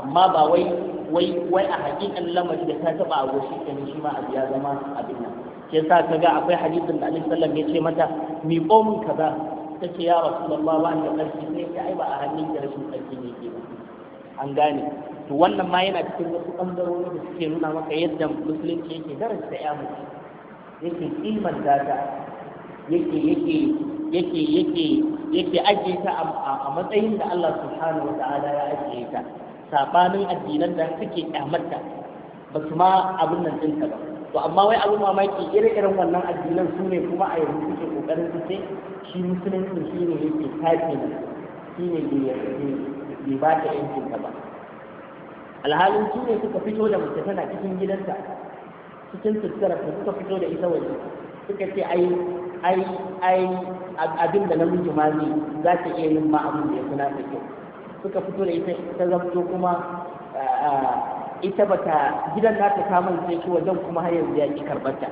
amma ba wai wai wai a haƙiƙan lamarin da ta taba a goshi kenan shi ma abu ya zama abin nan ya sa ka ga akwai hadisin da alaihi sallam ya ce mata mi komin kaza take ya Rasulullahi ba ni da ƙarfi sai ya ai ba a hannun da rashin ƙarfi ne ke an gane to wannan ma yana cikin wasu ɓangarori da suke nuna maka yadda musulunci yake darasta ya mutu yake kimanta data yake yake yake yake yake ajiye ta a matsayin da Allah subhanahu wa ta'ala ya ajiye ta sabanin addinan da suke kyamarta ba su ma abin nan ɗinka ba to amma wai abin mamaki ire-iren wannan addinan su ne kuma a yanzu suke kokarin su ce shi musulunci shi ne yake tafi ne shi ne bai ba ta yankin ta ba alhalin su ne suka fito da mace tana cikin gidansa cikin su suka fito da ita waje suka ce ai ai ai abin da namiji ma ne za ta iya yin ma abin da ya suna da kyau suka fito da ita ta zamto kuma ita bata gidan nata ta manta shi wajen kuma har yanzu ya ki karɓar ta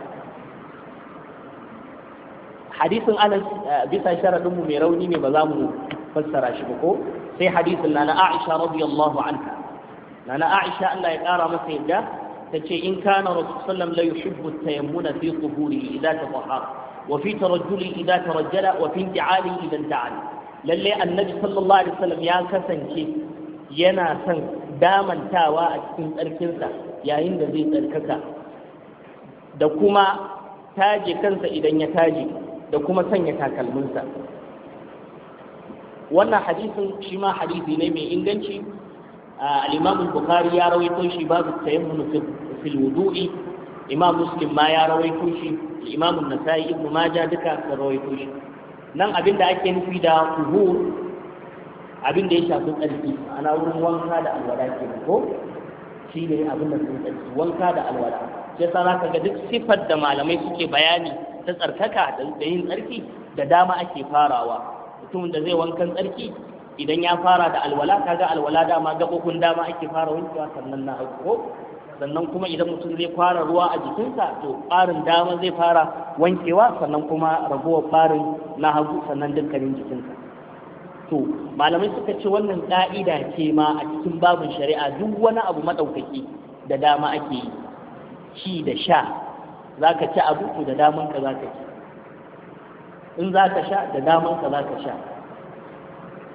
hadisin anas eh, bisa sharadin mu mai rauni ne ba za mu fassara shi ba ko sai hadisin nana aisha radiyallahu anha nana aisha Allah ya kara masa yadda tace in kana rasul sallam la yuhibbu tayammuna fi quburi idza tatahhar wa fi tarajjuli idza tarajjala wa fi inti'ali idza inta'ala lalle annabi sallallahu alaihi wasallam ya kasance yana son damantawa a cikin tsarkinsa yayin da zai tsarkaka da kuma taje kansa idan ya taje da kuma sanya takalminsa wannan hadisin shi ma hadisi ne mai inganci al-imam bukhari ya rawaito shi babu tayammun fil wudu'i imam muslim ma ya rawaito shi imam nasai ibn majah duka sun rawaito shi nan abinda ake nufi da tuhur abin da ya shafi tsarki ana wurin wanka da alwada ke ko shi ne abin da sun tsarki wanka da alwada. shi yasa za ka ga duk sifar da malamai suke bayani ta tsarkaka da yin tsarki da dama ake farawa mutumin da zai wankan tsarki idan ya fara da alwala kaga alwala dama gaɓoɓin dama ake fara wankewa sannan na haƙo sannan kuma idan mutum zai fara ruwa a jikinsa to ɓarin dama zai fara wankewa sannan kuma rabuwar ɓarin na hagu sannan dukkanin jikinsa to malamai suka ce wannan ƙa'ida ce ma a cikin babin shari'a duk wani abu maɗaukaki da dama ake yi ci da sha za ka ci abu da daman ka ka ci in ka sha da daman ka ka sha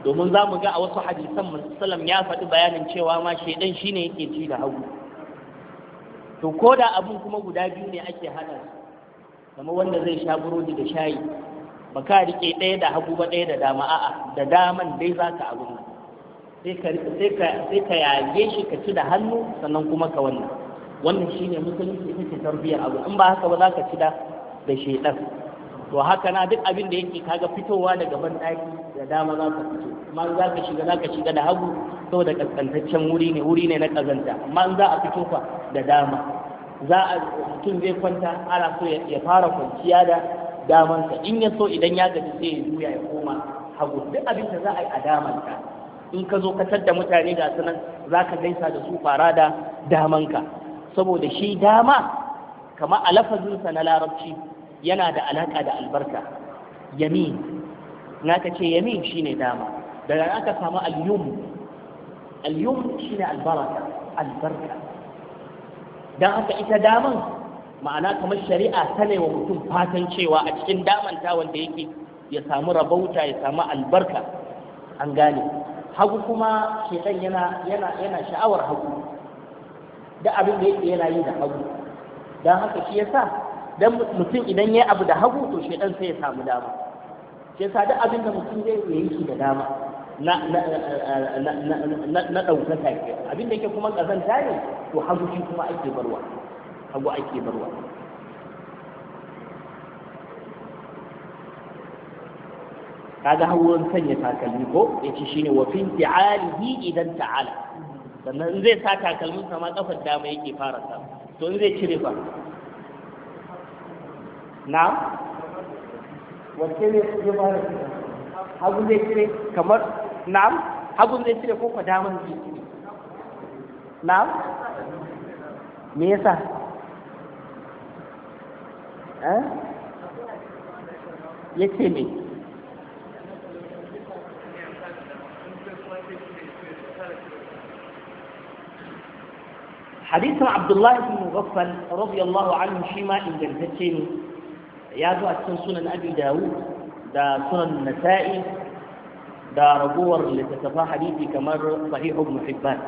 domin za mu ga a wasu hadisan musallam ya faɗi bayanin cewa ma shaidan ne yake ci da hagu to ko da abin kuma guda biyu ne ake hada kamar wanda zai sha burodi da shayi ba ka riƙe ɗaya da hagu ba ɗaya da dama a'a da daman dai za ka abu sai ka yage shi ka ci da hannu sannan kuma ka wannan wannan shi ne musulunci ita ce tarbiyyar abu in ba haka ba za ka ci da da shaidan to haka na duk abin da yake kaga fitowa daga ban da dama za ka fito amma za ka shiga za ka shiga da hagu saboda kaskantaccen wuri ne wuri ne na kazanta amma za a fito fa da dama za a mutum zai kwanta ana so ya fara kwanciya da damanka in ya so idan ya gaji sai ya juya ya koma hagu duk abin da za a yi a damanka in ka zo ka tadda mutane ga sanan za ka gaisa da su fara da damanka saboda shi dama kama a lafazinsa na larabci yana da alaka da albarka yamin na ka ce yamin shine dama daga aka samu al-yum al-yum shine albarka don haka ita daman ma'ana kamar shari'a ta ne wa mutum fatan cewa a cikin damanta wanda yake ya samu rabauta ya samu albarka an gane hagu kuma shekan yana yana yana sha'awar hagu da abin da yake yana yi da hagu dan haka shi yasa dan mutum idan yayi abu da hagu to shekan sai ya samu dama shi yasa duk abin da mutum zai yi shi da dama na na na na na ɗaukaka ke abin da yake kuma ƙazanta ne to hagu shi kuma ake barwa hagu ake barwa kaga hawan sanya takalmi ko yace shine wa fin ta'alihi idan ta'ala sannan in zai sa takalmin sa ma kafar dama yake fara sa to in zai cire fa na wace ne ya fara hagu zai cire kamar na'am hagu zai cire ko kwa daman zai cire na'am me yasa ya ce me hadisin abdullahi bin mughaffal radiyallahu anhu shi ma ingantacce ne ya zo a cikin sunan abi dawud da sunan nasa'i da ragowar littattafan hadisi kamar sahihu muhibban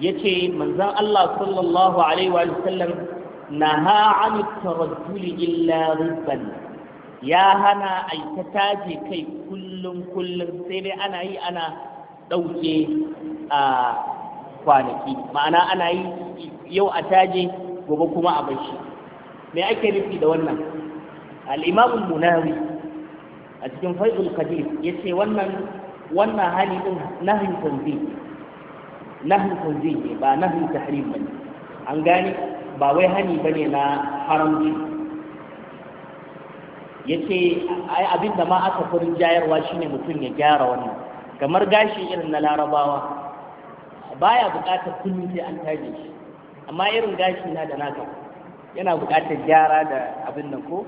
ya ce manzan Allah sallallahu alaihi wa sallam naha an tarajjuli illa ribban ya hana ai ta taje kai kullum kullum sai dai ana yi ana ɗauke a kwanaki ma'ana ana yi yau a taje gobe kuma a bashi me ake nufi da wannan al-imam munawi a cikin faizul qadir yace wannan wannan hali din nahyin tanzih nahyin tanzih ba nahyin tahrim bane an gane ba wai hani ba ne na haramci ya ce abin da ma aka furin jayarwa shine mutum ya gyara wannan kamar gashi irin na larabawa ba ya buƙatar kullum sai an taje shi amma irin gashi na da naka yana bukatar gyara da abin nan ko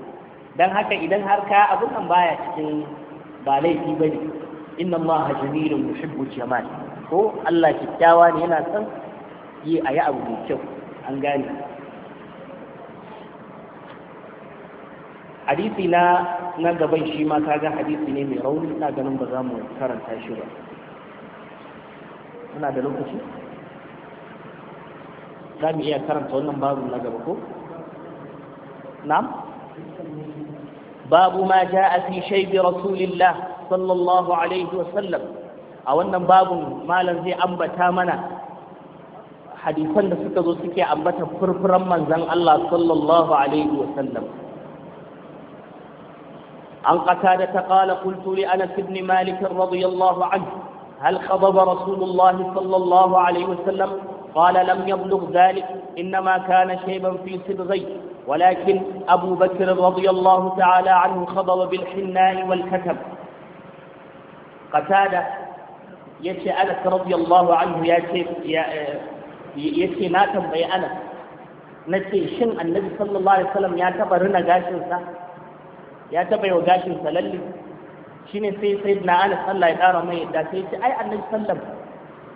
Don haka idan har ka abin nan baya cikin ba laifi bane inna allaha jamilun yuhibbu jama'i ko Allah kyakkyawa ne yana son yi yi abu mai kyau an gane hadisi na na gaban shi ma ga hadisi ne mai rauni ina ganin ba za mu karanta shi ba muna da lokaci za mu iya karanta wannan babu na gaba ko na'am babu ma ja'a fi shaybi rasulillah sallallahu alaihi wa a wannan babun malam zai ambata mana hadisan da suka zo suke ambata furfuran manzon Allah sallallahu alaihi wa عن قتادة قال قلت لأنس بن مالك رضي الله عنه هل خضب رسول الله صلى الله عليه وسلم قال لم يبلغ ذلك إنما كان شيبا في صبغي ولكن أبو بكر رضي الله تعالى عنه خضب بالحناء والكتب قتادة يشي أنس رضي الله عنه يشي يشي ما تنبي أنس نتي شن النبي صلى الله عليه وسلم يعتبر هنا قاشنسا ya taɓa yau gashin salalli shi ne sai sai na ana sallah ya ƙara mai yadda sai ce ai annan sallam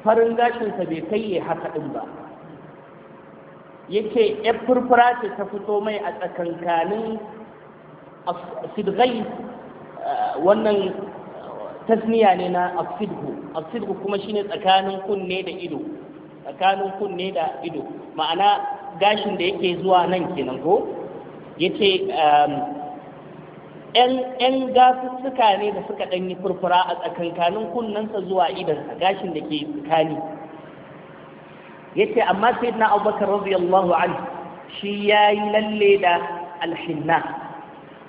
farin gashinsa bai kai ya haka ɗin ba yake ya furfura ce ta fito mai a tsakankanin sidgai eh, wannan tasniya ne na afsidhu afsidhu kuma shine tsakanin kunne da ido tsakanin kunne da ido ma'ana gashin da yake zuwa nan kenan ko yace um, ehm, 'yan gasussuka ne da suka ɗanyi furfura a tsakankanin kunnansa zuwa idansa gashin da ke tsakani ya ce amma sai na abubakar radiyallahu an shi ya yi lalle da alhinna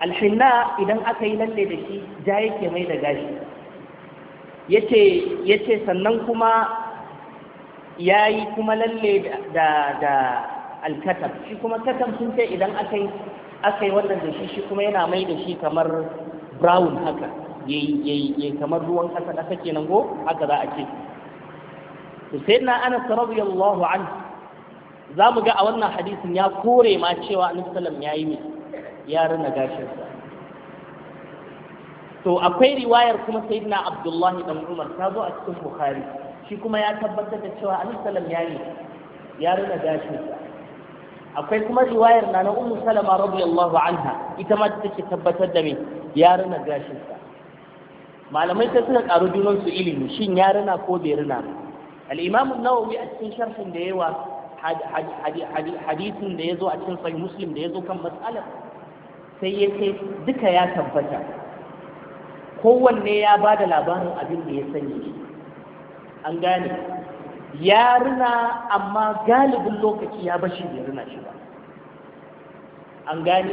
alhinna idan aka yi lalle da shi ja yake mai da gashi ya ce sannan kuma ya yi kuma lalle da alkatam shi kuma katam sun ce idan aka yi aka yi wannan da shi shi kuma yana mai da shi kamar brown haka yayi kamar ruwan ƙasa ƙasa nan go haka za a ce to sai na anas radiyallahu anhu za mu ga a wannan hadisin ya kore ma cewa annabi ya yi mai ya rana gashinsa to akwai riwayar kuma sayyidina abdullahi dan umar ta zo a cikin bukhari shi kuma ya tabbatar da cewa annabi ya yi ya rana gashinsa akwai kuma riwayar na na umu salama radiyallahu anha ita ma take tabbatar da me yaruna gashinsa. malamai sai suka karu junan su ilimi shin yaruna ko bai rina al-imam an-nawawi a cikin sharhin da yawa hadisin da yazo a cikin sahih muslim da yazo kan mas'alar sai ya ce duka ya tabbata kowanne ya bada labarin abin da ya sani an gane ya rina amma galibin lokaci ya bashi bai rina shi ba an gani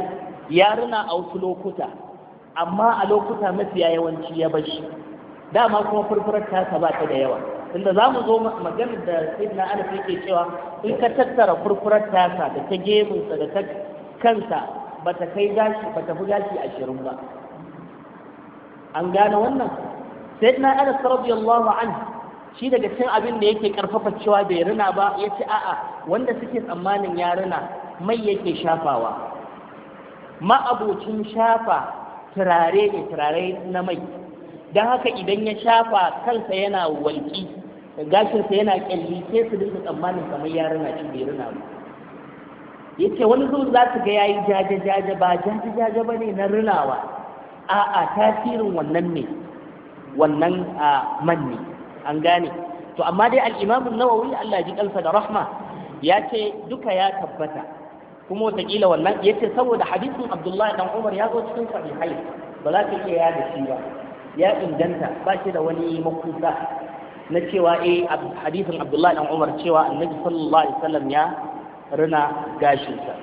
ya rina a wasu lokuta amma a lokuta mafiya yawanci ya bashi dama kuma furfurar tasa ba ta da yawa Inda za mu zo maganar da sayyidina anas yake cewa in ka tattara furfurar tasa da ta gemunsa da ta kansa ba ta kai gashi ba fi gashi ashirin ba an gane wannan sayyidina anas radiyallahu anhu shi daga cikin abin da yake karfafa cewa bai rina ba ya ce a'a wanda suke tsammanin ya rina mai yake shafawa ma'abocin shafa turare ne turare na mai don haka idan ya shafa kansa yana walƙi gashinsa yana ƙyalli sai su dinga tsammanin kamar ya rina shi bai rina ba ya ce wani zuwa za su ga ya yi jaje-jaje ba jaje-jaje ba ne na rinawa a'a tasirin wannan ne wannan man ne an gane to amma dai al-Imam an-Nawawi Allah ji kalsa da rahma ya ce duka ya tabbata kuma wataƙila wannan ya ce saboda hadisin Abdullahi dan Umar ya zo cikin sahihai ba za ka iya ya da shi ba ya inganta ba shi da wani makusa na cewa eh hadisin Abdullahi dan Umar cewa Annabi sallallahu alaihi wasallam ya rina gashinsa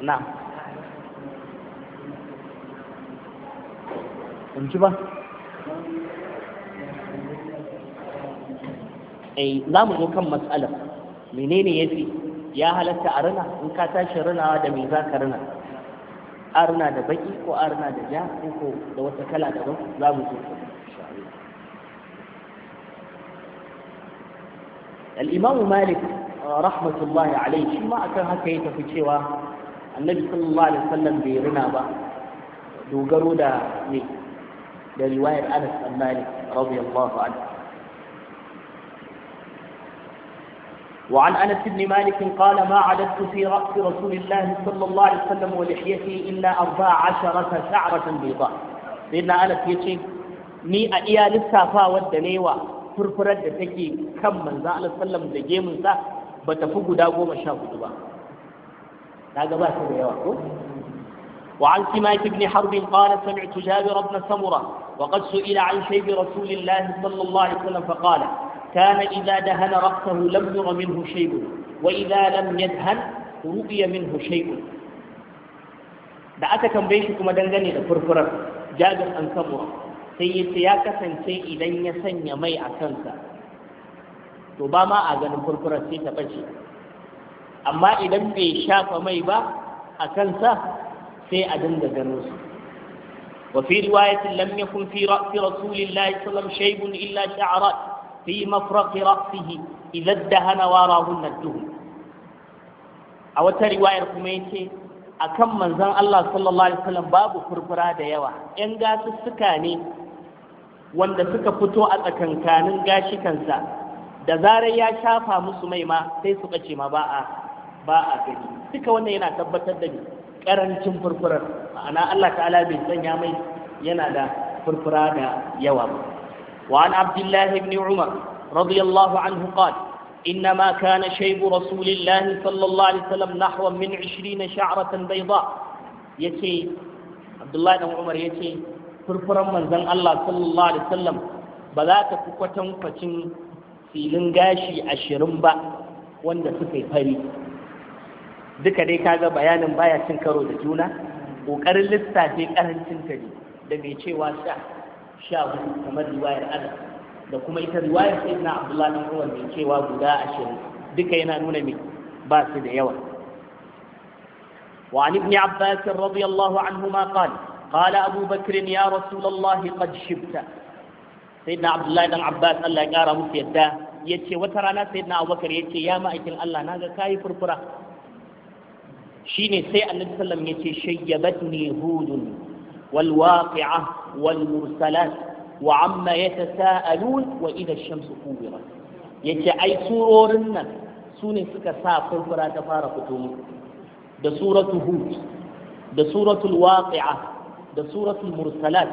na in ji ba eh za mu zo kan matsalar menene yafi ya halatta a rana in ka tashi ranawa da me za ka rana a rana da baki ko a rana da ja ko da wata kala daban za mu zo الإمام مالك رحمة الله عليه شما أكن هكا يتفجيوا النبي صلى الله عليه وسلم بيرنا با دوغرو دا ني دا رواية أنس بن رضي الله عنه وعن أنس بن مالك قال ما عددت في رأس رسول الله صلى الله عليه وسلم ولحيته إلا أربع عشرة شعرة بيضاء سيدنا أنس يتشي ni a iya lissafawar da newa furfurar da كم kan manzo الله sallam da gemunsa ba ta fi guda goma sha hudu ba وعن سماك بن حرب قال سمعت جابر بن سمرة وقد سئل عن شيب رسول الله صلى الله عليه وسلم فقال كان إذا دهن رأسه لم ير منه شيء وإذا لم يدهن رقي منه شيء da aka tambaye shi kuma dangane da furfurar jabir an samuwa sai ya ce ya kasance idan ya sanya mai a kansa to ba ma a ganin furfurar sai ta bace amma idan bai shafa mai ba a kansa sai a dinga ganin su ya رواية لم يكن في رأس رسول الله صلى الله عليه وسلم fi mafraqi ra'sihi idza dahana warahun nadduhu a wata riwayar kuma ya yace akan manzon Allah sallallahu alaihi babu furfura da yawa ƴan gasussuka ne wanda suka fito a tsakankanin gashikansa da zarar ya shafa musu mai ma sai su bace ma ba a ba a gani duka wannan yana tabbatar da karancin furfurar ma'ana Allah ta'ala bai sanya mai yana da furfura da yawa ba وعن عبد الله بن عمر رضي الله عنه قال إنما كان شيب رسول الله صلى الله عليه وسلم نحو من عشرين شعرة بيضاء يتي عبد الله بن عمر يتي فرفرا من زن الله صلى الله عليه وسلم بذات كوكتن فتن في لنغاشي عشرين با wanda suka yi fari duka dai kaga bayanin baya cin karo da juna ƙoƙarin lissafe ƙarancin ta ne da mai cewa sha sha hudu kamar riwayar anas da kuma ita riwayar sai na abdullahi bin umar mai cewa guda ashirin duka yana nuna mai ba su da yawa وعن ابن عباس رضي الله عنهما قال قال أبو بكر يا رسول الله قد شبت سيدنا عبد الله بن عباس الله يقارى مسيدا يتشي وترانا سيدنا أبو بكر يتشي يا ما إتن الله ناغا كاي فرفرة شيني سي النبي صلى الله عليه وسلم يتشي شيبتني هود والواقعة والمرسلات وعما يتساءلون وإذا الشمس كورت yake ai surorin nan su ne suka sa furfura ta fara fito da suratul hud da suratul waqi'a da suratul mursalat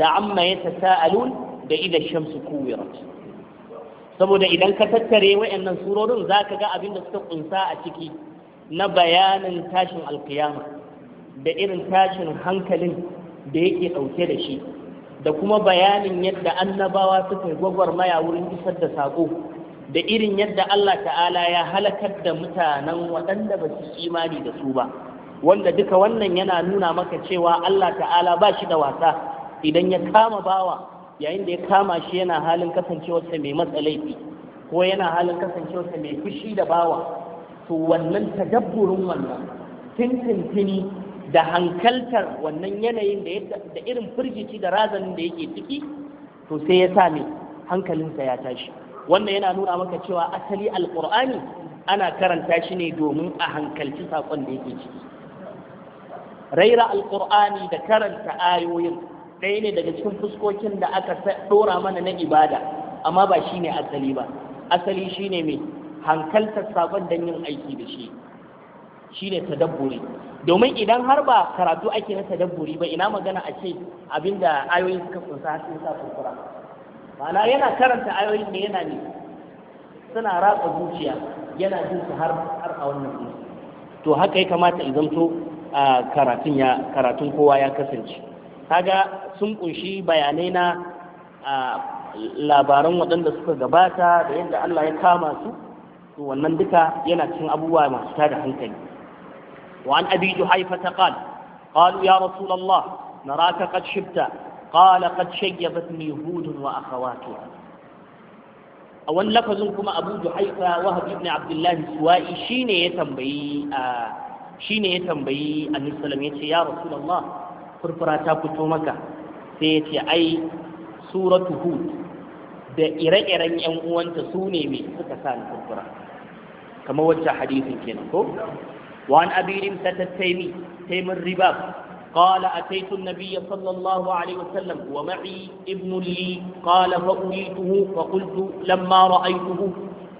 da amma yatasaalun da idan shamsu kuwirat saboda idan ka tattare wayannan surorin zaka ga abin da suka kunsa a ciki na bayanin tashin alkiyama da irin tashin hankalin da yake ɗauke da shi da kuma bayanin yadda annabawa suka gwagwarmaya wurin isar da saƙo da irin yadda Allah ta'ala ya halakar da mutanen waɗanda ba su imani da su ba wanda duka wannan yana nuna maka cewa Allah ta'ala ba shi da wasa idan ya kama bawa yayin da ya kama shi yana halin kasancewarsa mai matsalaifi ko yana halin kasancewarsa mai fushi da bawa to wannan tadabburin wannan tintintini da hankaltar wannan yanayin da da irin firgici da razanin da yake ciki to sai ya sa ne hankalinsa ya tashi wannan yana nuna maka cewa asali alqur'ani ana karanta shi ne domin a hankalci sakon da yake ciki raira alqur'ani da karanta ayoyin ɗaya ne daga cikin fuskokin da aka ɗora mana na ibada amma ba shine asali ba asali shine mai hankaltar sakon don yin aiki da shi shine tadabburi domin idan har ba karatu ake na tadabburi ba ina magana a ce abinda ayoyin suka kunsa har sun sa kurkura ma'ana yana karanta ayoyin da yana ne suna ratsa zuciya yana jin su har har a wannan ne to haka ya kamata in zamto karatun ya karatun kowa ya kasance kaga sun kunshi bayanai na labaran waɗanda suka gabata da yadda Allah ya kama su to wannan duka yana cin abubuwa masu tada hankali وعن أبي جحيفة قال قالوا يا رسول الله نراك قد شبت قال قد شيبتني هود وأخواتها أول لفظكم أبو جحيفة وهب بن عبد الله السوائي شين يتنبي آه شين يتنبي النبي صلى الله يا رسول الله فرفرا تاكتو مكة سيتي أي سورة هود da ire أنت 'yan uwanta فتسان ne كما وجه حديث ni وعن أبي رمسة التيمي تيم الرباب قال أتيت النبي صلى الله عليه وسلم ومعي ابن لي قال فأويته فقلت لما رأيته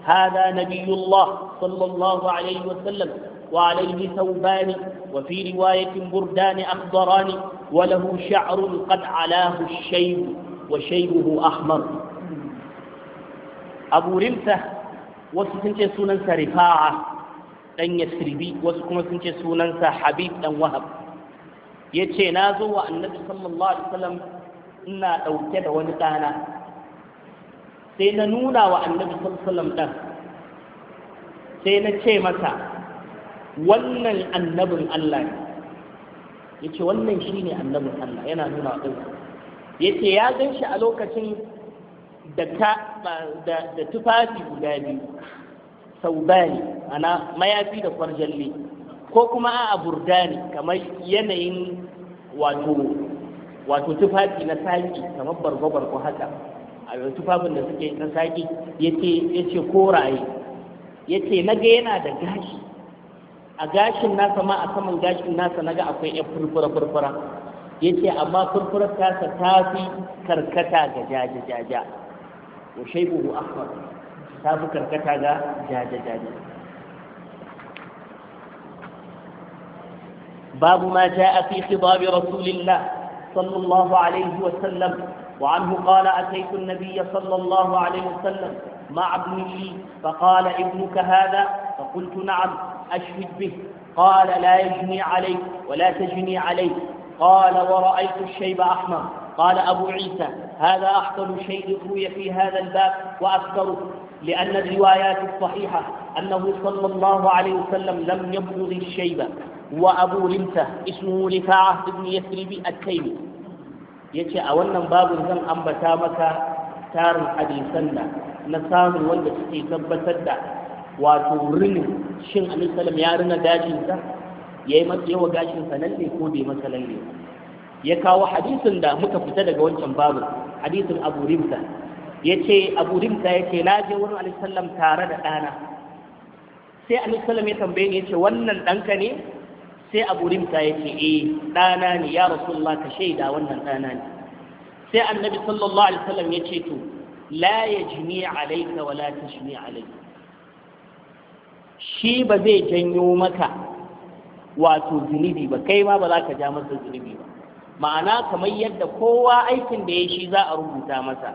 هذا نبي الله صلى الله عليه وسلم وعليه ثوبان وفي رواية بردان أخضران وله شعر قد علاه الشيب وشيبه أحمر أبو رمسة وسنتي سنن رفاعة ɗan yasribi wasu kuma sun ce sunansa habib ɗan wahab ya ce na zo wa annabi sallallahu alaihi wasallam ina ɗauke da wani ɗana sai na nuna wa annabi sallallahu alaihi wasallam ɗan sai na ce masa wannan annabin Allah ne ya ce wannan shi ne annabin Allah yana nuna wa ɗansa ya ce ya gan shi a lokacin da tufafi guda biyu saudani ana mayafi da kwarjalli ko kuma a burdani kamar yanayin wato wato tufafi na saki kamar bargo barko haka a yau tufafin da suke na saki ya ce koraye ya ce naga yana da gashi a gashin nasa ma a saman gashin nasa naga akwai ya furfura-furfura ya ce amma furfurar ta fi karkata ga jajajaja wa shaibuhu ahmad ta karkata ga jaje-jaje babu ma jaa fi khibabi rasulillah sallallahu alaihi wasallam وعنه قال أتيت النبي صلى الله عليه وسلم مع qala ibnuka فقال ابنك هذا فقلت نعم أشهد به قال لا يجني عليك ولا تجني alayk قال ورأيت الشيب أحمر قال أبو عيسى هذا أحسن شيء روي في هذا الباب وأكثره لأن الروايات الصحيحة أنه صلى الله عليه وسلم لم يبلغ الشيبة وأبو لمسة اسمه رفاعة بن يثرب التيمي yace a wannan babin zan ambata maka tarin hadisan da na samun wanda suke tabbatar da wato rini shin annabi sallam ya rina gashin sa yayi masa yawa gashin sa nan ne ko bai masa lalle ya kawo hadisin da muka fita daga wancan babin hadisin Abu Rimsa ya ce abu rimta ya ce na je wurin alisallam tare da ɗana sai alisallam ya tambaye ne ya ce wannan ɗanka ne sai abu rimta ya ce eh ɗana ne ya rasulullah ka shaida wannan ɗana ne sai annabi sallallahu alaihi wasallam ya ce to la ya yajni alayka wa la tashni alayka shi ba zai janyo maka wato zunubi ba kai ma ba za ka ja masa zunubi ba ma'ana kamar yadda kowa aikin da ya shi za a rubuta masa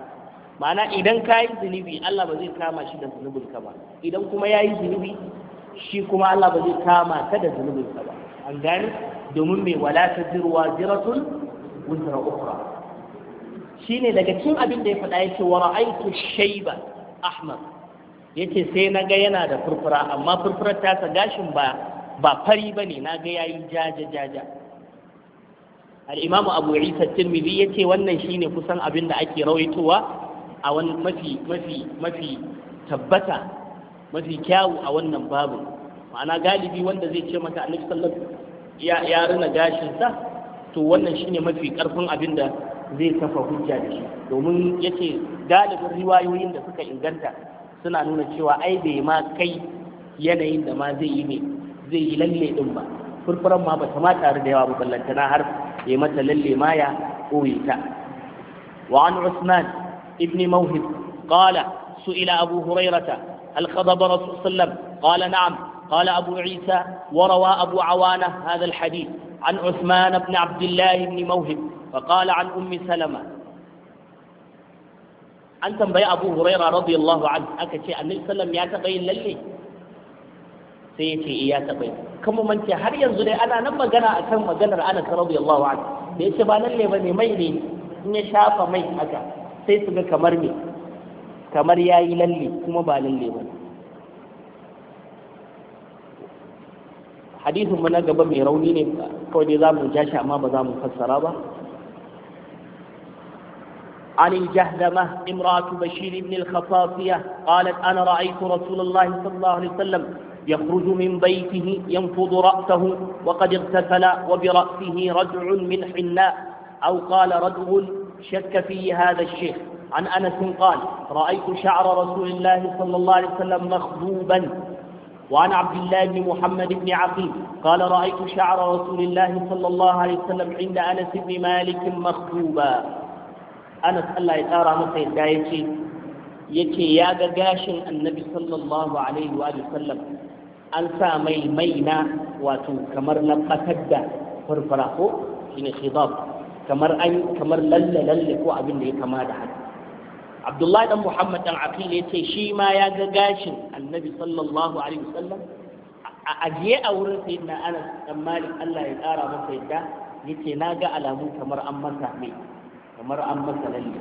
ma'ana idan ka yi zunubi Allah ba zai kama shi da zunubin ka ba idan kuma ya yi zunubi shi kuma Allah ba zai kama ka da zunubin ka ba an gani domin mai wala ta zirwa ziratun wuzra ukra ne daga cin abin da ya faɗa yake wa ra'aytu shayba ahmad yace sai na ga yana da furfura amma furfurar ta gashin ba ba fari bane na ga yayi jaja jaja al-imam abu isa tirmidhi yace wannan shine kusan abin da ake rawaitowa a wani mafi mafi mafi tabbata mafi kyawu a wannan babu ma'ana galibi wanda zai ce maka annabi sallallahu ya ya rina gashin sa to wannan shine mafi karfin abin da zai kafa hujja da shi domin yace galibin riwayoyin da suka inganta suna nuna cewa ai bai ma kai yanayin da ma zai yi ne zai yi lalle din ba furfuran ma bata ma tare da yawa ba ballantana har ya mata lalle ma ya koyi ta wa an usman ابن موهب قال سئل أبو هريرة هل خضب رسول صلى الله عليه وسلم قال نعم قال أبو عيسى وروى أبو عوانة هذا الحديث عن عثمان بن عبد الله بن موهب فقال عن أم سلمة أنت بيا أبو هريرة رضي الله عنه أكتشي أن سلم يا تبين للي سيتي يا تبين كم من تي هل ينزل أنا نما جنا أكم جنا أنا رضي الله عنه ليش بان اللي بني ميلي نشاف مي أكتشي sai su ga kamar me kamar ya yi lalle kuma ba lalle ba hadisin mu na gaba mai rauni ne kawai dai za mu ja shi amma ba za mu fassara ba عن الجهدمة امرأة بشير بن الخفافية قالت أنا رأيت رسول الله صلى الله عليه وسلم يخرج من بيته ينفض رأسه وقد اغتسل وبرأسه رجع من حناء أو قال رجع شك فيه هذا الشيخ عن أنس قال رأيت شعر رسول الله صلى الله عليه وسلم مخبوبا وعن عبد الله بن محمد بن عقيل قال رأيت شعر رسول الله صلى الله عليه وسلم عند أنس بن مالك مخبوبا أنس الله يتارى مثل دايتي يكي يا ga النبي صلى الله عليه واله وسلم an sa mai maina wato kamar na fatar kamar an kamar lalle lalle ko abin da ya kama da haka abdullahi dan muhammad dan aqil yace shi ma ya ga gashin annabi sallallahu alaihi wasallam a ajiye a wurin sayyidina anas dan malik Allah ya tsara masa yadda yace na ga alamu kamar an masa mai kamar an masa lalle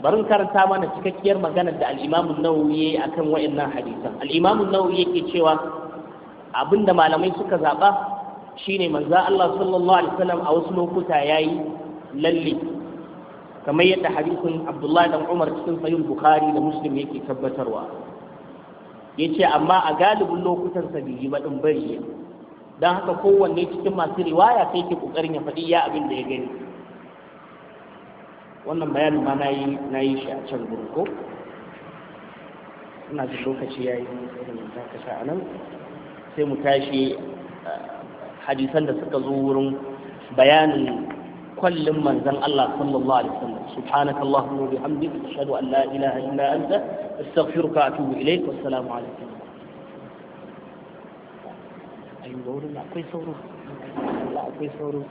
barin karanta mana cikakkiyar maganar da al'imamun nawawi akan wa'annan hadisan al'imamun nawawi yake cewa abinda malamai suka zaba shine manzo Allah sallallahu alaihi wasallam a wasu lokuta yayi lalle kamar yadda hadisin Abdullahi dan Umar cikin sahih Bukhari da Muslim yake tabbatarwa yace amma a galibin lokutan sa bai ba din bari dan haka kowanne cikin masu riwaya sai ke kokarin ya faɗi ya abin da ya gani wannan bayanin ma na yi shi a can gurin ina da lokaci ya yi irin da ka sa anan sai mu tashi hadisan da suka zo wurin bayanin kwallin manzan Allah sallallahu alaihi wasallam subhanaka allahumma wa bihamdika ashhadu an la ilaha illa anta astaghfiruka wa atubu ilayk wa assalamu alaikum akwai sauro akwai sauro